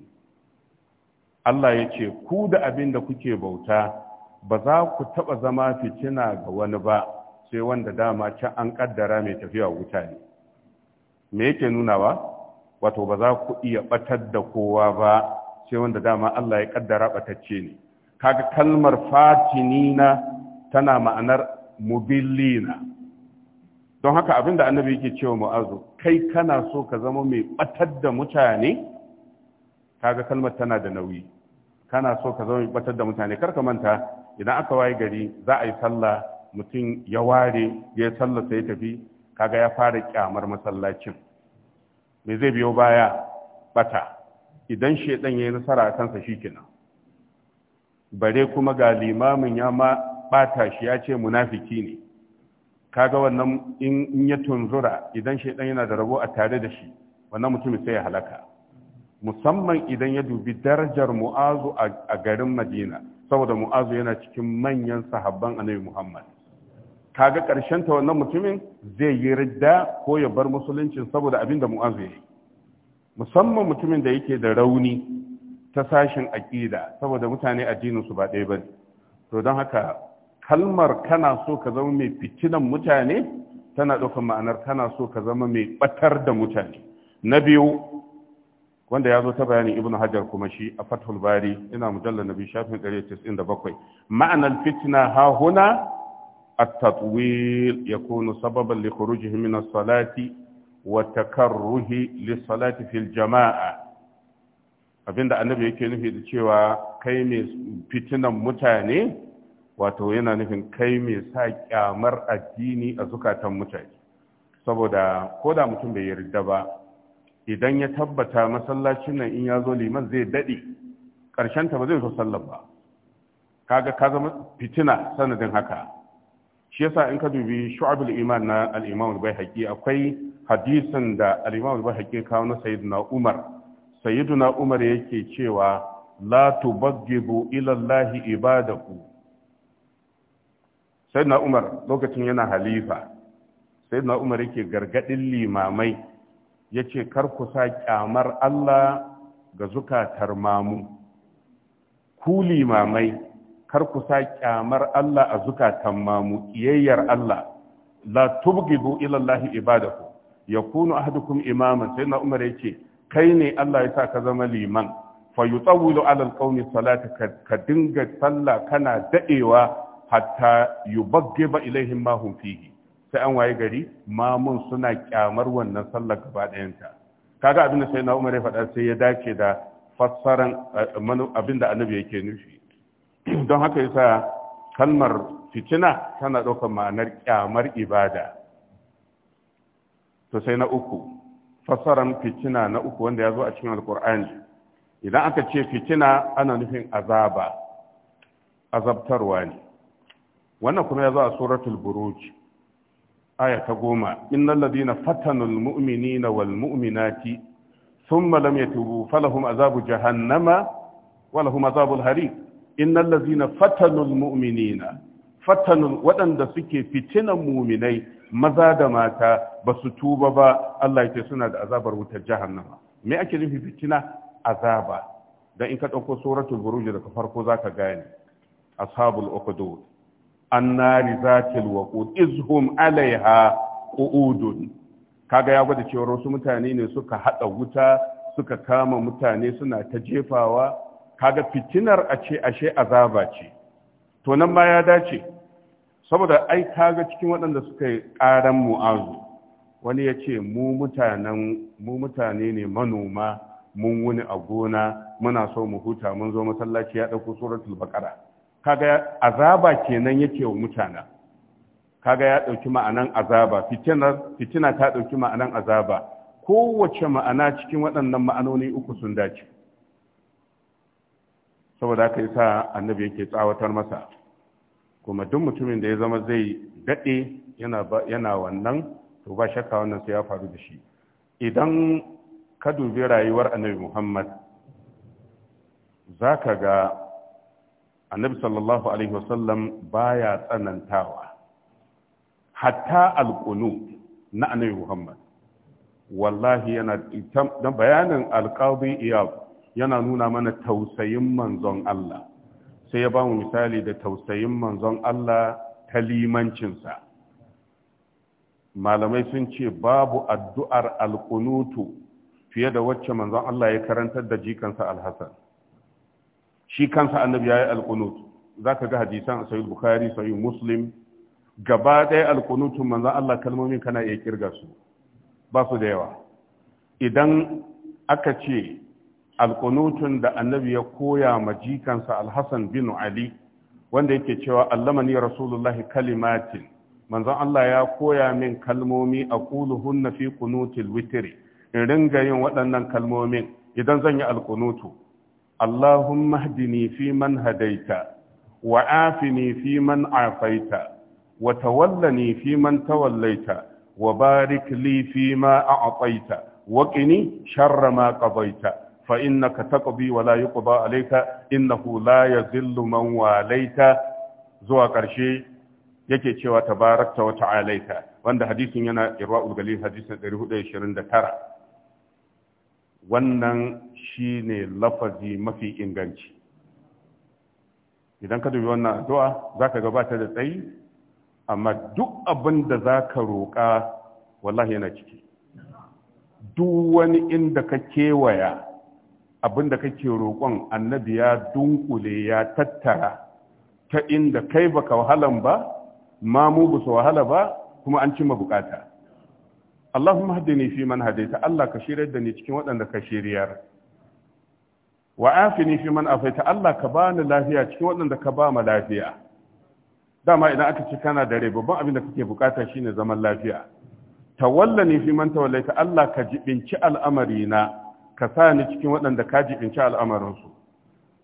Allah ya ce ku da abin da kuke bauta ba za ku taɓa zama fitina ga wani ba sai wanda dama can an ƙaddara mai tafiya wuta ne me yake nunawa wato ba za ku iya ɓatar da kowa ba sai wanda dama Allah ya ƙaddara ɓatacce ne kaga kalmar fatinina tana ma'anar mubillina don haka abinda annabi yake cewa mu'azu kai kana so ka zama mai batar da mutane kaga kalmar tana da nauyi kana so ka zama mai batar da mutane karka manta idan aka waye gari za a yi sallah mutum ya ware ya sallah sai tafi kaga ya fara kyamar masallacin me zai biyo baya bata idan shedan yayi nasara kansa shikenan bare kuma ga limamin ya ma ɓata shi ya ce munafiki ne kaga wannan in ya tunzura idan shaidan yana da rabo a tare da shi wannan mutumin sai ya halaka musamman idan ya dubi darajar mu'azu a garin madina saboda mu'azu yana cikin manyan sahabban annabi muhammad kaga ƙarshen ta wannan mutumin zai yi ridda ko ya bar musuluncin saboda abin da mu'azu ya yi musamman mutumin da yake da rauni ta sashin aƙida saboda mutane addinin su ba ɗaya ba to don haka kalmar kana so ka zama mai fitinan mutane tana ɗaukar ma'anar kana so ka zama mai ɓatar da mutane na biyu wanda ya zo ta bayanin ibn hajar kuma shi a fathul bari ina mujallar nabi shafin 197 ma'anar fitina ha huna التطويل يكون سببا لخروجه من الصلاة وتكرهه للصلاة في الجماعة abinda annabi yake nufi da cewa kai mai fitinan mutane wato yana nufin kai mai sa kyamar addini a zukatan mutane saboda ko da mutum bai yarda ba idan ya tabbata masallacin nan in ya zo liman zai daɗe ta ba zai zo sallar ba kaga ka zama fitina sanadin haka shi yasa in ka dubi shu'abul iman na al-imam al bayhaqi akwai hadisin da al-imam al bayhaqi kawo na sayyidina umar sayyidina umar yake cewa la tubaggibu ila allahi ibadaku sayyidina umar lokacin yana halifa sayyidina umar yake gargadin limamai yace kar ku sa kyamar Allah ga zukatar mamu ku limamai kar ku sa kyamar Allah a zukatan mamu iyayyar Allah la tubghidu ila Allah ibadahu yakunu ahadukum imaman sayyidina umar yace kai ne Allah ya sa ka zama liman fa yutawwilu ala alqawmi salata ka dinga sallah kana daɗewa. hatta yubaggiba ilaihim ma hum fihi sai an waye gari mun suna kyamar wannan sallar gaba ɗayanta kaga abinda da sai na umar ya faɗa sai ya dace da fassaran eh, abinda annabi yake nufi don haka yasa kalmar fitina tana ɗaukar ma'anar kyamar ibada to sai na uku fassaran fitina na uku wanda ya zo a cikin alkur'ani idan aka ce fitina ana nufin azaba azabtarwa ne wannan kuma ya zo a suratul buruj aya ta goma innal ladina fatanul mu'minina wal mu'minati thumma lam yatubu falahum azabu jahannama wa lahum azabul hariq innal ladina fatanul mu'minina fatanul waɗanda suke fitinan muminai maza da mata ba su tuba ba Allah yake suna da azabar wutar jahannama me ake nufi fitina azaba dan in ka ɗauko suratul buruj daga farko zaka gane ashabul uqdud annari zatil waqud izhum alaiha qu'udun kaga ya gwada cewa wasu mutane ne suka hada wuta suka kama mutane suna ta jefawa kaga fitinar a ce ashe azaba ce to nan ma ya dace saboda ai kaga cikin waɗanda suka yi ƙaran mu'azu wani ya ce mu mutanen mu mutane ne manoma mun wuni a gona muna so mu huta mun zo masallaci ya ɗauko suratul baqara kaga azaba kenan yake wa mutana kaga ya dauki ma'anan azaba fitina fitina ta dauki ma'anan azaba kowace ma'ana cikin waɗannan ma'anoni uku sun dace saboda haka sa annabi yake tsawatar masa kuma duk mutumin da ya zama zai dade yana yana wannan to ba shakka wannan sai ya faru da shi idan ka dubi rayuwar annabi Muhammad zaka ga annabi sallallahu alaihi wasallam baya tsanantawa hatta alqunu na annabi muhammad wallahi yana dan bayanin alqadi iyab yana nuna mana tausayin manzon Allah sai ya ba mu misali da tausayin manzon Allah ta limancinsa malamai sun ce babu addu'ar alkunutu fiye da wacce manzon Allah ya karantar da jikansa alhassan shi kansa annabi yayi za zaka ga hadisan sahih bukhari sahih muslim gaba ɗaya alqunutun manzo Allah kalmomin kana iya kirga su ba su da yawa idan aka ce alkunutun da annabi ya koya ma jikansa Alhassan bin ali wanda yake cewa allamani rasulullahi kalimatin manzon Allah ya koya min kalmomi a hunna fi witiri, in ringa yin waɗannan kalmomin idan zan yi alkunutu اللهم اهدني فيمن هديت وعافني فيمن عافيت وتولني فيمن توليت وبارك لي فيما أعطيت وقني شر ما قضيت فإنك تقضي ولا يقضى عليك إنه لا يذل من واليت زوا قرشي yake cewa tabarakta wa ta'alaita wanda hadisin yana irwa'ul galil hadisin 429 wannan shi ne lafazi mafi inganci idan ka dubi wannan addu'a za ka gabata da tsayi amma duk abin da za ka roƙa wallahi yana ciki duk wani inda ka kewaya abin da kake roƙon annabi ya dunkule ya tattara ta inda kai baka wahalan ba mamu ba su wahala ba kuma an cimma bukata Allahumma hadini fi man hadaita Allah ka da ni cikin waɗanda ka shiryar wa afini fi man afaita ka bani lafiya cikin waɗanda ka ba ma lafiya dama ina aka ce kana da rai babban abin da kake bukata shine zaman lafiya tawallani fi man tawallaita Allah ka jibinci al'amari na ka sa ni cikin waɗanda ka jibinci al'amarin su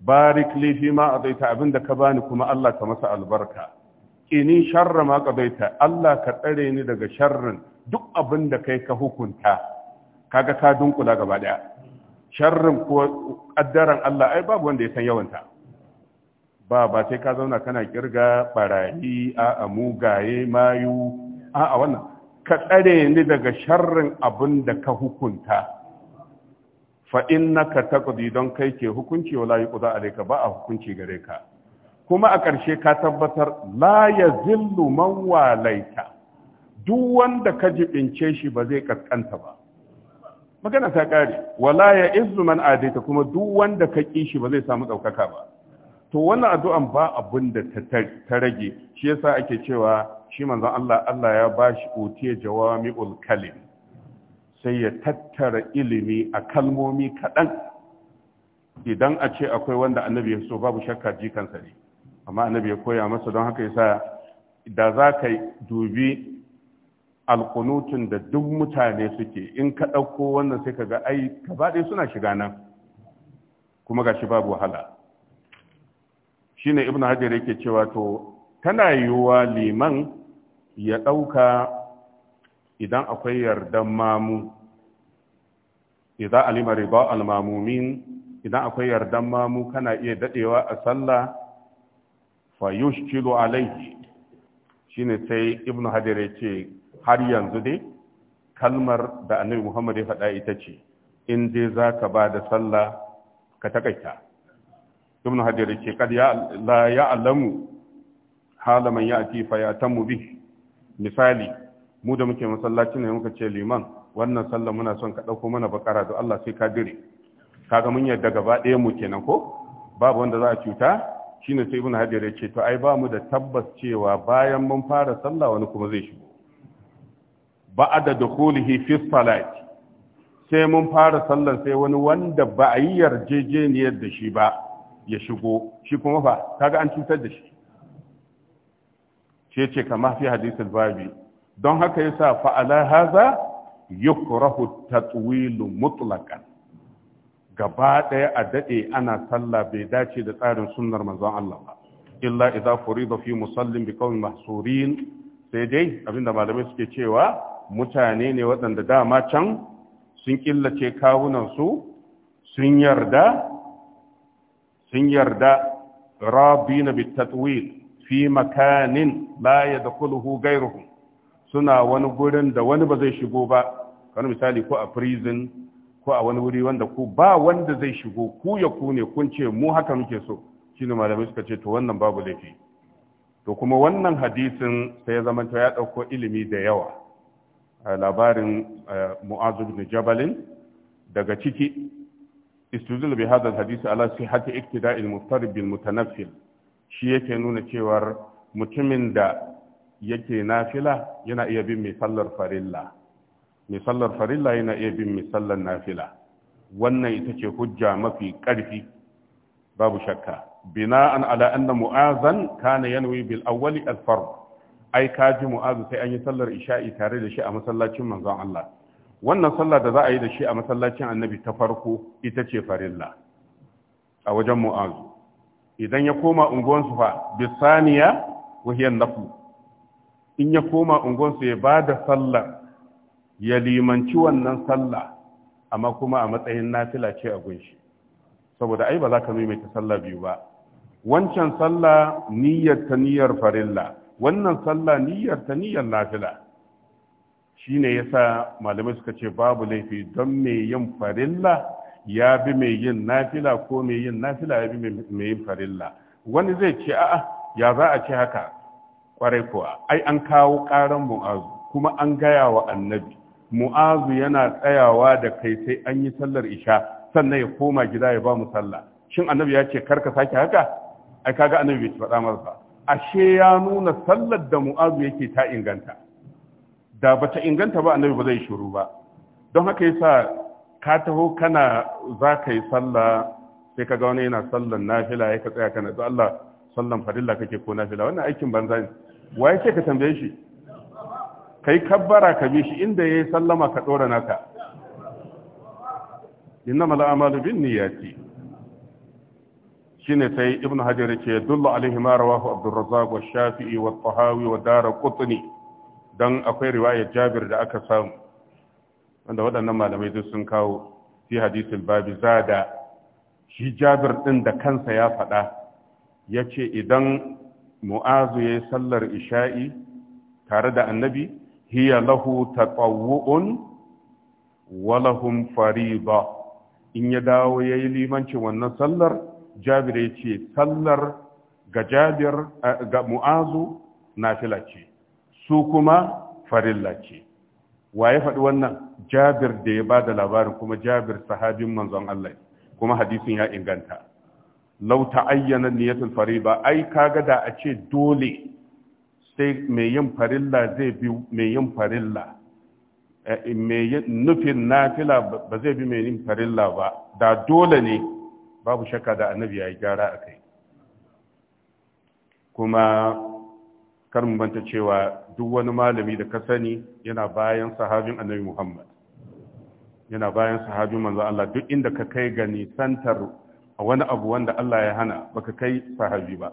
barik li fi ma adaita abin da ka bani kuma Allah ka masa albarka ini sharra ma kabaita Allah ka tsare ni daga sharrin duk abin da kai ka hukunta kaga ka dunkula gaba daya sharrin ko kaddaran Allah ai babu wanda ya san yawanta ba ba sai ka zauna kana kirga barayi a mugaye mayu a a wannan ka tsare ni daga sharrin abin da ka hukunta fa innaka taqdi don kai ke hukunci wala yuqda alayka ba a hukunci gare ka kuma a ƙarshe ka tabbatar la ya zillu man walaita duk wanda ka jibince shi ba zai kaskanta ba magana ta ƙare wala ya izu man adaita kuma duk wanda ka ƙi shi ba zai samu ɗaukaka ba to wannan addu'an ba abin da ta rage shi yasa ake cewa shi manzon Allah Allah ya ba bashi utiya jawami'ul kalim sai ya tattara ilimi a kalmomi kaɗan idan a ce akwai wanda annabi ya so babu shakka jikansa ne amma annabi ya koya masa don haka yasa da za ka dubi alkunutun da duk mutane suke in ka ɗauko wannan sai ka ga ai gaba ɗaya suna shiga nan kuma gashi babu wahala shine ibnu hajar yake cewa to tana yiwuwa liman ya ɗauka idan akwai yardan mamu idan alima riba almamumin idan akwai yardan mamu kana iya dadewa a sallah fa yushkilu alaihi shine sai ibn hajar yace har yanzu dai kalmar da annabi muhammad ya faɗa ita ce in dai za ka ba da sallah ka takaita ibn hajar yace ce kad la ya alamu halaman ya ati fa ya bi misali mu da muke masallaci ne muka ce liman wannan sallah muna son ka ɗauko mana bakara da Allah sai ka dire kaga mun yadda gaba ɗaya mu kenan ko babu wanda za a cuta shine sai ibn hajar ya ce to ai ba mu da tabbas cewa bayan mun fara sallah wani kuma zai shigo ba'da dukulihi fi salat sai mun fara sallar sai wani wanda ba a yi yarjejeniyar da shi ba ya shigo shi kuma fa kaga an cutar da shi ce ce kama fi al babi don haka yasa fa ala haza yukrahu at-tatwil mutlaqan gaba ɗaya a daɗe ana sallah bai dace da tsarin sunnar manzon Allah ba illa idza furida fi musallin bi qawmin mahsurin sai dai abinda malamai suke cewa mutane ne waɗanda dama can sun killace kawunan su sun yarda sun yarda rabina bit tatwil fi makanin la yadkhuluhu ghayruhum suna wani gurin da wani ba zai shigo ba kamar misali ko a prison ko a wani wuri wanda ku ba wanda zai shigo ku ya ku ne kun ce mu haka muke so shine malamai suka ce to wannan babu laifi to kuma wannan hadisin sai ya zama ya dauko ilimi da yawa labarin mu'azu bin jabalin daga ciki istudul bi hadal hadisi ala sihhati iktida'il muftarib bil mutanaffil shi yake nuna cewar mutumin da yake nafila yana iya bin mai sallar farilla mai sallar farilla yana iya bin mai nafila wannan ita ce hujja mafi ƙarfi babu shakka bina'an ala anna mu'azan kana yanwi bil awwali al fard ai kaji mu'azu sai an yi sallar isha'i tare da shi a masallacin manzon Allah wannan sallar da za a yi da shi a masallacin annabi ta farko ita ce farilla a wajen mu'azu idan ya koma unguwansu fa bisaniya wahiyan nafu in ya koma unguwansu ya ba da sallar ya limanci wannan sallah amma kuma a matsayin nafila ce a gunshi saboda ai ba za ka maimaita sallah biyu ba wancan sallah niyyar ta niyyar farilla wannan sallah niyyar ta niyyar nafila shine yasa malamai suka ce babu laifi don mai yin farilla ya bi mai yin nafila ko mai yin nafila ya bi mai yin farilla wani zai ce a'a ya za a ce haka kwarai kuwa ai an kawo ƙaran mu'azu kuma an gaya wa annabi mu'azu yana tsayawa da kai sai an yi sallar isha sannan ya koma gida ya ba mu sallah shin annabi ya ce karka sake haka ai kaga annabi bai faɗa masa ashe ya nuna sallar da mu'azu yake ta inganta da bata inganta ba annabi ba zai shiru ba don haka yasa ka taho kana za ka yi sallah sai ka ga wani yana sallar nafila ya ka tsaya kana da Allah sallan farilla kake ko nafila wannan aikin banza ne wai sai ka tambaye shi kai kabbara ka bi shi inda yayi sallama ka dora naka innamal a'malu niyyati shine sai ibnu hajar ce dullu alaihi ma rawahu abdurrazzaq wa shafi'i wa tahawi wa daraqutni dan akwai riwaya, jabir da aka samu wanda waɗannan malamai duk sun kawo fi hadisul babi zada shi jabir din da kansa ya faɗa yace idan mu'azu yayi sallar isha'i tare da annabi hiya lahu taqawwu'un wa lahum fariida in ya dawo yayi limancin wannan sallar Jabir ya ce sallar ga Jabir eh, ga Mu'azu nafila ce su kuma farilla ce waye faɗi wannan Jabir da ya ba da labarin kuma Jabir sahabin manzon Allah kuma hadisin ya inganta law ta'ayyana niyatul fariida ai kaga da a ce dole sai mai yin farilla zai bi mai yin farilla eh, mai nufin nafila ba zai bi mai yin farilla ba da dole ne babu shakka da annabi ya yi gyara a kai kuma kar banta cewa duk wani malami da ka sani yana bayan sahabin annabi muhammad yana bayan sahabin manzo Allah duk inda ka kai ga nisantar wani abu wanda Allah ya hana baka kai sahabi ba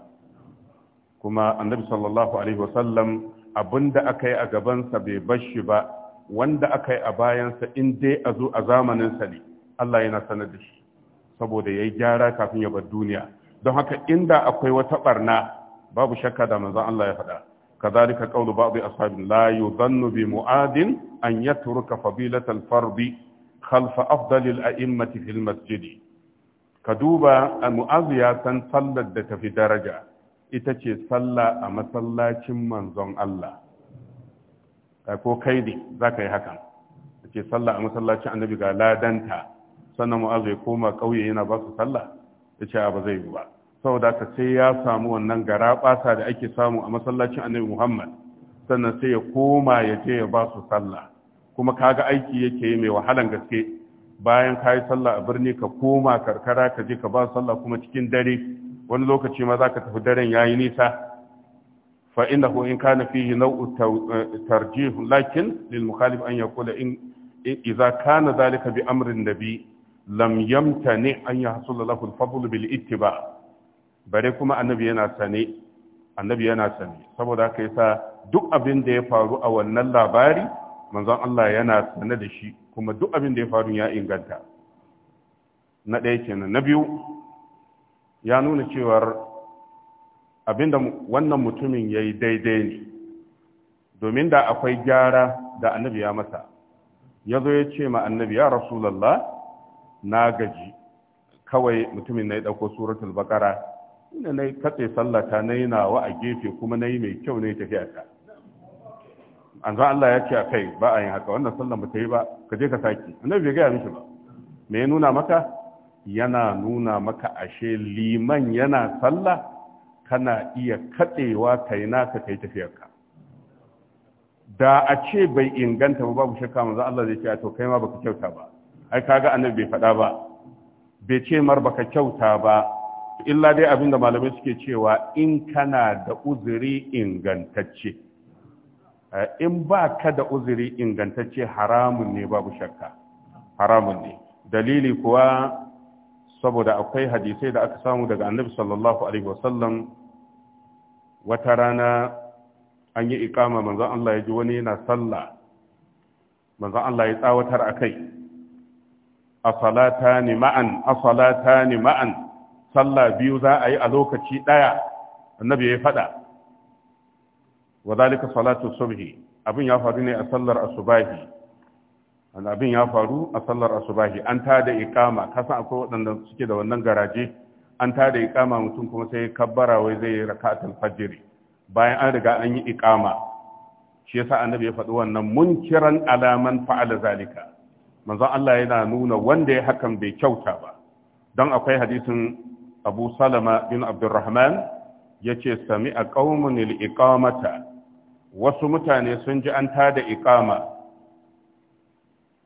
kuma annabi sallallahu alaihi wasallam abinda aka yi a gabansa bai bashi ba wanda aka yi a bayansa in dai a zo a zamaninsa ne Allah yana sanar da shi saboda ya yi gyara kafin ya bar duniya don haka inda akwai wata barna babu shakka da manzon Allah ya faɗa kazalika qawlu ba'd ashabin la yudhannu bi mu'adin an yatruka fadilata al-fard khalfa afdal al-a'immati fil ka duba mu'az ya san sallar da tafi daraja ita ce sallah a masallacin manzon Allah ko kai ne za ka yi hakan a ce sallah a masallacin annabi ga ladanta sannan mu'azu ya koma ƙauye yana ba su sallah ya ce ba zai yi ba saboda ka sai ya samu wannan gara ɓasa da ake samu a masallacin annabi muhammad sannan sai ya koma ya je ya ba su sallah kuma kaga aiki yake yi mai wahalan gaske bayan ka yi sallah a birni ka koma karkara ka je ka ba su sallah kuma cikin dare wani lokaci ma za ka tafi daren ya yi nisa fa ina ko in kana fihi nau'u eh, tarjihu? lakin lil mukhalif an yaqula in idza kana zalika bi amrin nabi lam yamtani an yahsul lahu al-fadl bil ittiba bare kuma annabi yana sane annabi yana sane saboda haka yasa duk abin da ya faru a wannan labari manzon Allah yana sane da shi kuma duk abin da ya faru ya inganta na ɗaya kenan na biyu ya nuna cewar abinda wannan mutumin ya yi daidai ne domin da akwai gyara da annabi ya masa ya zo ya ce ma annabi ya rasulallah na gaji kawai mutumin na ya ɗauko suratul bakara ina na katse sallata na yi nawa a gefe kuma na yi mai kyau na yi tafiya ta an zan Allah ya ce a kai ba a yin haka wannan sallan ba ta yi ba ka je ka saki annabi bai gaya mishi ba me ya nuna maka yana nuna maka ashe liman yana sallah kana iya katsewa kai ka kai tafiyarka da a ce bai inganta ba babu shakka manzo Allah zai ce to kai ma baka kyauta ba ai kaga annabi bai faɗa ba bai ce mar baka kyauta ba illa dai abin da malamai suke cewa in kana da uzuri ingantacce eh, in ba ka da uzuri ingantacce haramun ne babu shakka haramun ne dalili kuwa saboda akwai hadisai da aka samu daga annabi sallallahu alaihi wasallam wata rana an yi ikama manzon Allah ya ji wani yana sallah manzon Allah ya tsawatar a kai asalata ni ma'an asalata ni ma'an sallah biyu za a yi a lokaci ɗaya annabi ya faɗa wa zalika salatu subhi abin ya faru ne a sallar asubahi wani abin ya faru a sallar asubahi an da ikama kasan akwai waɗanda suke da wannan garaje an da ikama mutum kuma sai kabbara wai zai rakatul fajiri bayan an riga an yi ikama shi yasa annabi ya faɗi wannan munkiran alaman fa'ala zalika manzon Allah yana nuna wanda ya hakan bai kyauta ba don akwai hadisin Abu Salama bin Abdurrahman yace sami a qaumun iqamata wasu mutane sun ji an da ikama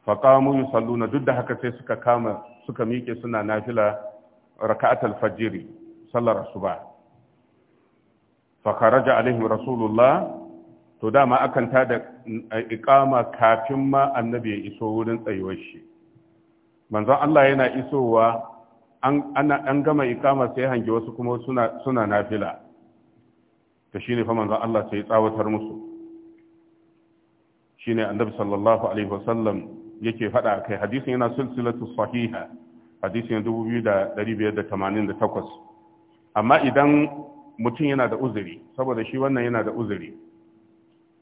faƙamu salluna, duk da haka sai suka kama suka miƙe suna nafila raka'atul fajiri sallar asuba fa kharaja alaihim rasulullah to dama akan ta da iqama kafin ma annabi ya iso wurin tsayuwar shi manzon Allah yana isowa an an gama iqama sai hange wasu kuma suna suna nafila to shine fa manzon Allah sai tsawatar musu shine annabi sallallahu alaihi wasallam yake faɗa kai hadisin yana silsilatu sahiha hadisin takwas amma idan mutum yana da uzuri saboda shi wannan yana da uzuri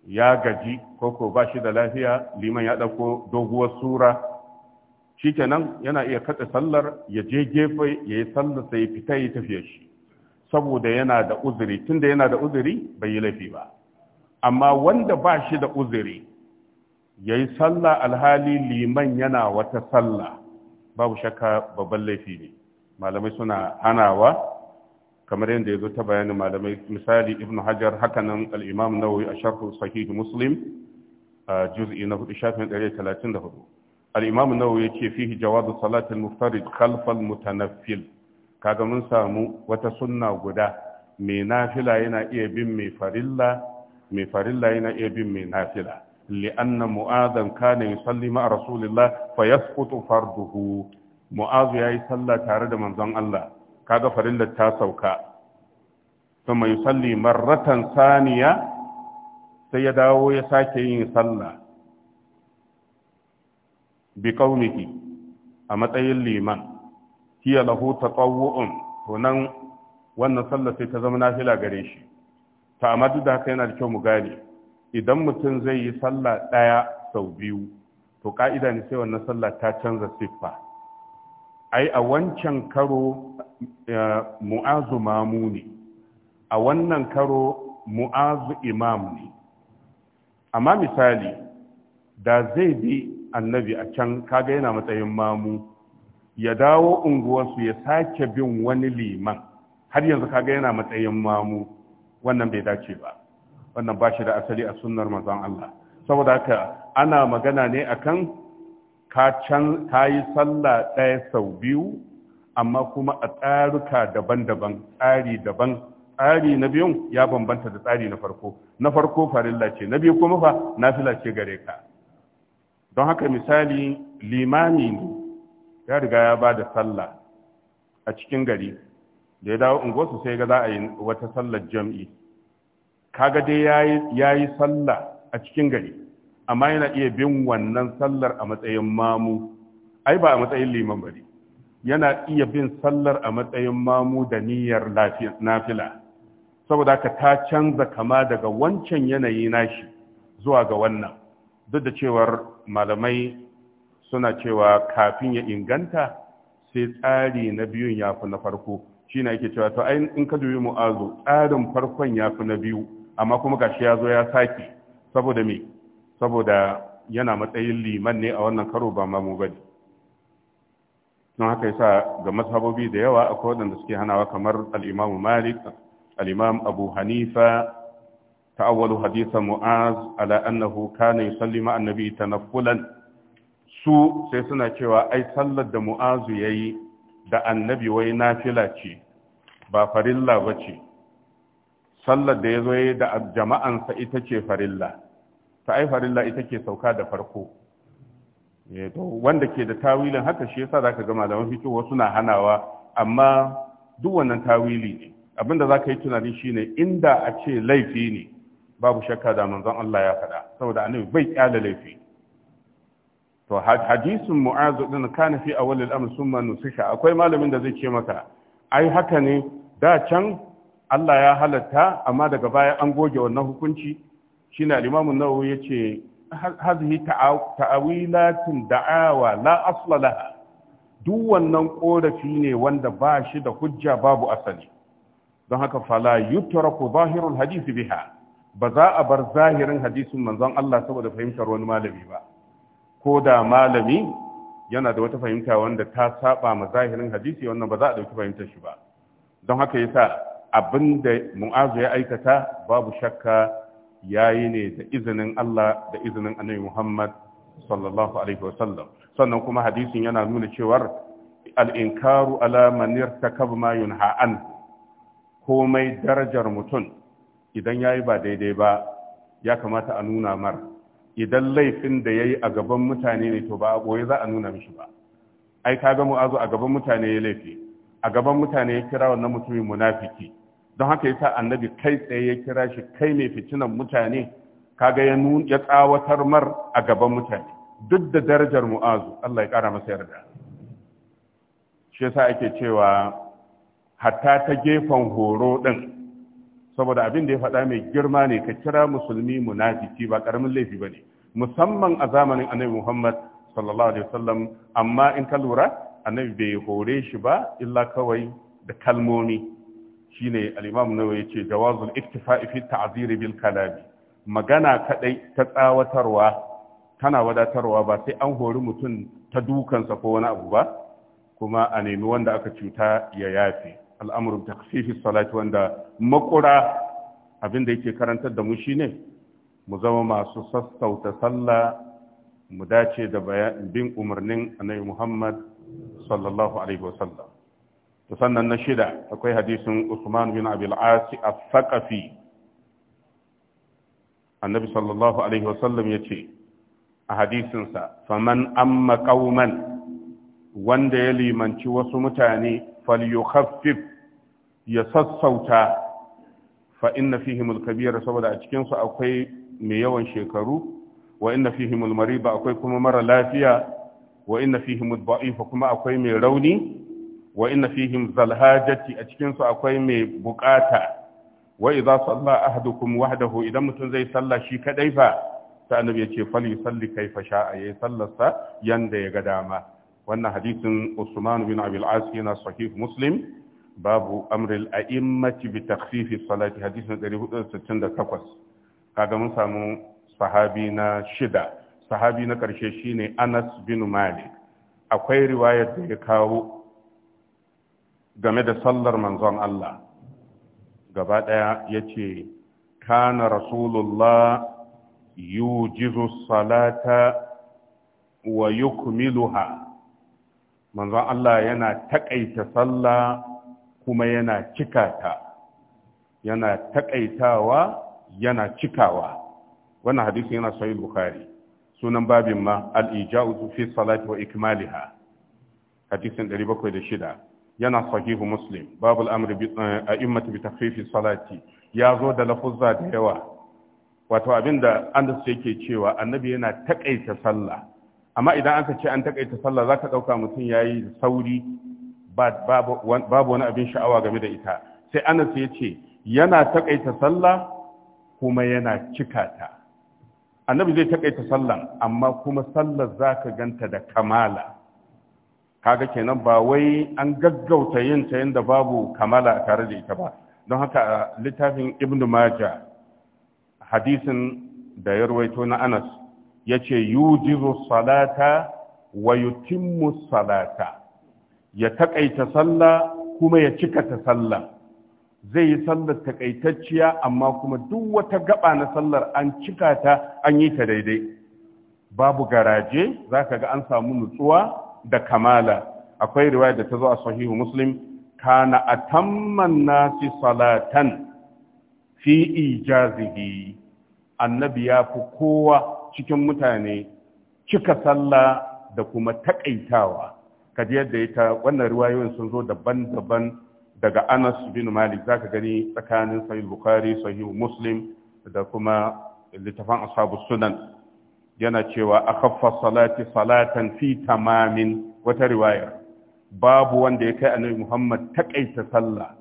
ya gaji koko ba shi da lafiya liman ya ɗauko doguwar sura shi kenan yana iya katse sallar ya je gefe ya yi sallar sai fita ya tafiya shi saboda yana da uzuri tunda yana da uzuri bai yi laifi ba amma wanda ba shi da uzuri yayi sallah alhali liman yana wata sallah babu shakka babban laifi ne malamai suna hanawa kamar yadda ya zo ta bayanin malamai misali ibn hajar hakanan al-imam nawawi a sharhu sahih muslim juz'i na 4 shafin 134 al-imam nawawi yake fihi jawabu Salatin al-muftarid mutanaffil kaga mun samu wata sunna guda mai nafila yana iya bin mai farilla mai farilla yana iya bin mai nafila لأن معاذا كان يصلي مع رسول الله فيسقط فرضه معاذ يا صلى تارد من زن الله كاد فرل التاسوكا ثم يصلي مرة ثانية سيداو يساكي صلى بقومه أما تيل لمن هي له تطوع ونن wannan sallar sai ta zama nafila gare shi ta amma duk da haka yana da kyau mu gane idan mutum zai yi sallah ɗaya sau biyu to ka'ida ne sai wannan sallah ta canza siffa ai a wancan karo mu'azu mamu ne a wannan karo mu'azu imam ne amma misali da zai bi annabi a can kaga yana matsayin mamu ya dawo unguwarsu ya sake bin wani liman har yanzu kaga yana matsayin mamu wannan bai dace ba wannan ba shi da asali a sunnar mazan Allah saboda haka ana magana ne akan ka can ka yi sallah ɗaya sau biyu amma kuma a tsaruka daban-daban tsari daban tsari na biyun ya bambanta da tsari na farko na farko farilla ce na biyu kuma fa nafila ce gare ka don haka misali limami ne ya riga ya ba da sallah a cikin gari da ya dawo unguwarsu sai ga za a yi wata sallar jam'i kaga dai yayi salla a cikin gari amma yana iya bin wannan sallar a matsayin mamu ai ba a matsayin liman bari yana iya bin sallar a matsayin mamu da niyyar nafila saboda ka ta canza kama daga wancan yanayi nashi zuwa ga wannan duk da cewar malamai suna cewa kafin ya inganta sai tsari na biyun ya fi na farko shi na yake cewa to ai in ka juyi mu'azu tsarin farkon ya fi na biyu amma kuma gashi ya zo ya sake saboda me saboda yana matsayin liman ne a wannan karo ba mamu ba ne don haka yasa ga mazhabobi da yawa akwai waɗanda suke hanawa kamar al-Imam malik al-Imam abu hanifa ta'awwalu hadisa mu'az ala annahu kana yusalli ma annabi tanaffulan su sai suna cewa ai sallar da mu'azu yayi da annabi wai nafila ce ba farilla bace sallar da ya zo yi da jama'ansa ita ce farilla ta ai farilla ita ke sauka da farko eh, wanda ke da tawilin haka shi yasa zaka ga malaman fiqh wasu na hanawa amma duk wannan tawili ne abinda zaka yi tunani shine inda a ce laifi ne babu shakka da manzon Allah ya faɗa saboda annabi bai kyale laifi to hadisin mu'azu din kana fi awwal al-amr summa akwai malamin da zai ce maka ai haka ne da can Allah ya halatta amma daga baya an goge wannan hukunci shine na imam nawo ya yace hazihi ta'awilatun da'awa la asla duk wannan korafi ne wanda ba shi da hujja babu asali don haka fala yutraku zahirul hadisi biha ba za a bar zahirin hadisin manzon Allah saboda fahimtar wani malami ba ko da malami yana da wata fahimta wanda ta saba ma zahirin hadisi wannan ba za a dauki fahimtar shi ba don haka yasa abin da mu'azu ya aikata babu shakka ya yi ne da izinin Allah da izinin annabi Muhammad sallallahu alaihi wasallam sannan kuma hadisin yana nuna cewar al-inkaru ala man irtakab ma yunha an komai darajar mutum idan yayi ba daidai ba ya kamata a nuna mar idan laifin da yayi a gaban mutane ne to ba a goye za a nuna mishi ba ai kaga mu'azu a gaban mutane ya laifi a gaban mutane ya kira wannan mutumin munafiki don haka yasa annabi kai tsaye ya kira shi kai mai fitinan mutane kaga ya ya tsawatar mar a gaban mutane duk da darajar mu'azu Allah ya kara masa yarda shi yasa ake cewa hatta ta gefen horo din saboda abin da ya faɗa mai girma ne ka kira musulmi munafiki ba karamin laifi bane musamman a zamanin annabi Muhammad sallallahu alaihi wasallam amma in ka lura annabi bai hore shi ba illa kawai da kalmomi shine al-imam nawa yace jawazul iktifa'i fi ta'ziri bil kalami magana kadai ta tsawatarwa tana wadatarwa ba sai an hori mutum ta dukansa ko wani abu ba kuma a nemi wanda aka cuta ya yafe al'amurin takfifi salati wanda makura abin da yake karantar da mu shine mu zama masu sassauta sallah mu dace da bin umarnin annabi Muhammad sallallahu alaihi wasallam sannan na shida akwai hadisin Usman bin Abil As a thaqafi Annabi sallallahu alaihi wasallam yace a hadisin sa faman amma qauman wanda ya limanci wasu mutane falyukhaffif ya sassauta fa inna fihim al-kabira saboda a cikin akwai mai yawan shekaru wa inna fihim al-mariba akwai kuma mara lafiya wa inna fihim al-da'ifa kuma akwai mai rauni wa inna fihim zalhajati a cikin su akwai mai bukata wa idza salla ahadukum wahdahu idan mutum zai salla shi kadai fa sai annabi ya ce fali salli kaifa sha'a yayi sallarsa yanda ya ga dama wannan hadisin Usman bin Abi al-As yana sahih Muslim babu amril a'immati bi takhfif salati hadisin 468 kaga mun samu sahabi na shida sahabi na karshe shine Anas bin Malik akwai riwayar da ya kawo game da sallar manzon Allah gaba ɗaya ya ce kana rasulullah yujizu salata wa yukmiluha manzon Allah yana taƙaita sallah kuma yana cikata. yana taƙaitawa yana cikawa wannan hadisi yana sahih bukhari sunan babin ma al-ija'u fi salati wa ikmaliha hadisin 706 yana sahihu muslim babu al'amri a immatu bi eh, salati ya zo da lafuzza da yawa wato abinda anas yake cewa annabi yana takaita sallah amma idan aka ce an takaita sallah zaka dauka mutum yayi sauri babu wani abin sha'awa game da ita sai anas ya ce yana takaita sallah kuma yana cika ta annabi zai takaita sallan amma kuma sallar zaka ganta da kamala kaga kenan ba wai an gaggauta yin ta yanda babu kamala tare da ita ba don haka littafin ibn majah hadisin da ya rawaito na anas ya ce yujizu salata wa yutimmu salata ya takaita sallah kuma ya cika ta sallah zai yi sallar takaitacciya amma kuma duk wata gaba na sallar an cika ta an yi ta daidai babu garaje zaka ga an samu nutsuwa da kamala akwai riwaya da ta zo a sahihu muslim kana atamman nasi salatan fi ijazihi annabi ya fi kowa cikin mutane cika sallah da kuma takaitawa kaji yadda ita wannan riwayoyin sun zo daban-daban daga Anas bin Malik zaka gani tsakanin Sahih Bukhari Sahih Muslim da kuma littafan ashabu sunan yana cewa kafa salati salatan fi tamamin wata riwayar. babu wanda ya kai annabi Muhammad takaita sallah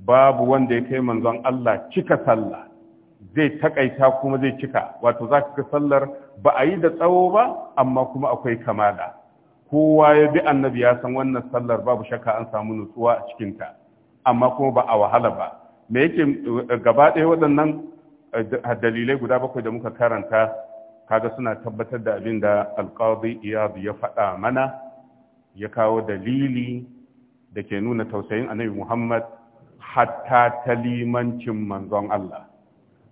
babu wanda ya kai manzon Allah cika sallah zai takaita kuma zai cika wato za ka sallar ba a yi da tsawo ba amma kuma akwai kamala kowa ya bi annabi ya san wannan sallar babu shakka an samu nutsuwa a cikinta amma kuma ba a wahala ba me yake gaba ɗaya waɗannan eh, dalilai guda bakwai da muka karanta kaga suna tabbatar da abin da alqadi iyad ya faɗa mana ya kawo dalili da ke nuna tausayin annabi Muhammad hatta ta limancin manzon Allah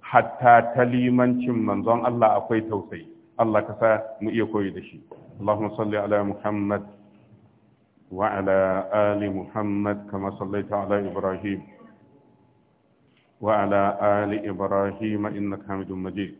hatta ta limancin manzon Allah akwai tausayi Allah ka sa mu iya koyi da shi Allahumma salli ala Muhammad wa ala ali Muhammad kama sallaita ala Ibrahim wa ala ali Ibrahim innaka Hamidum Majid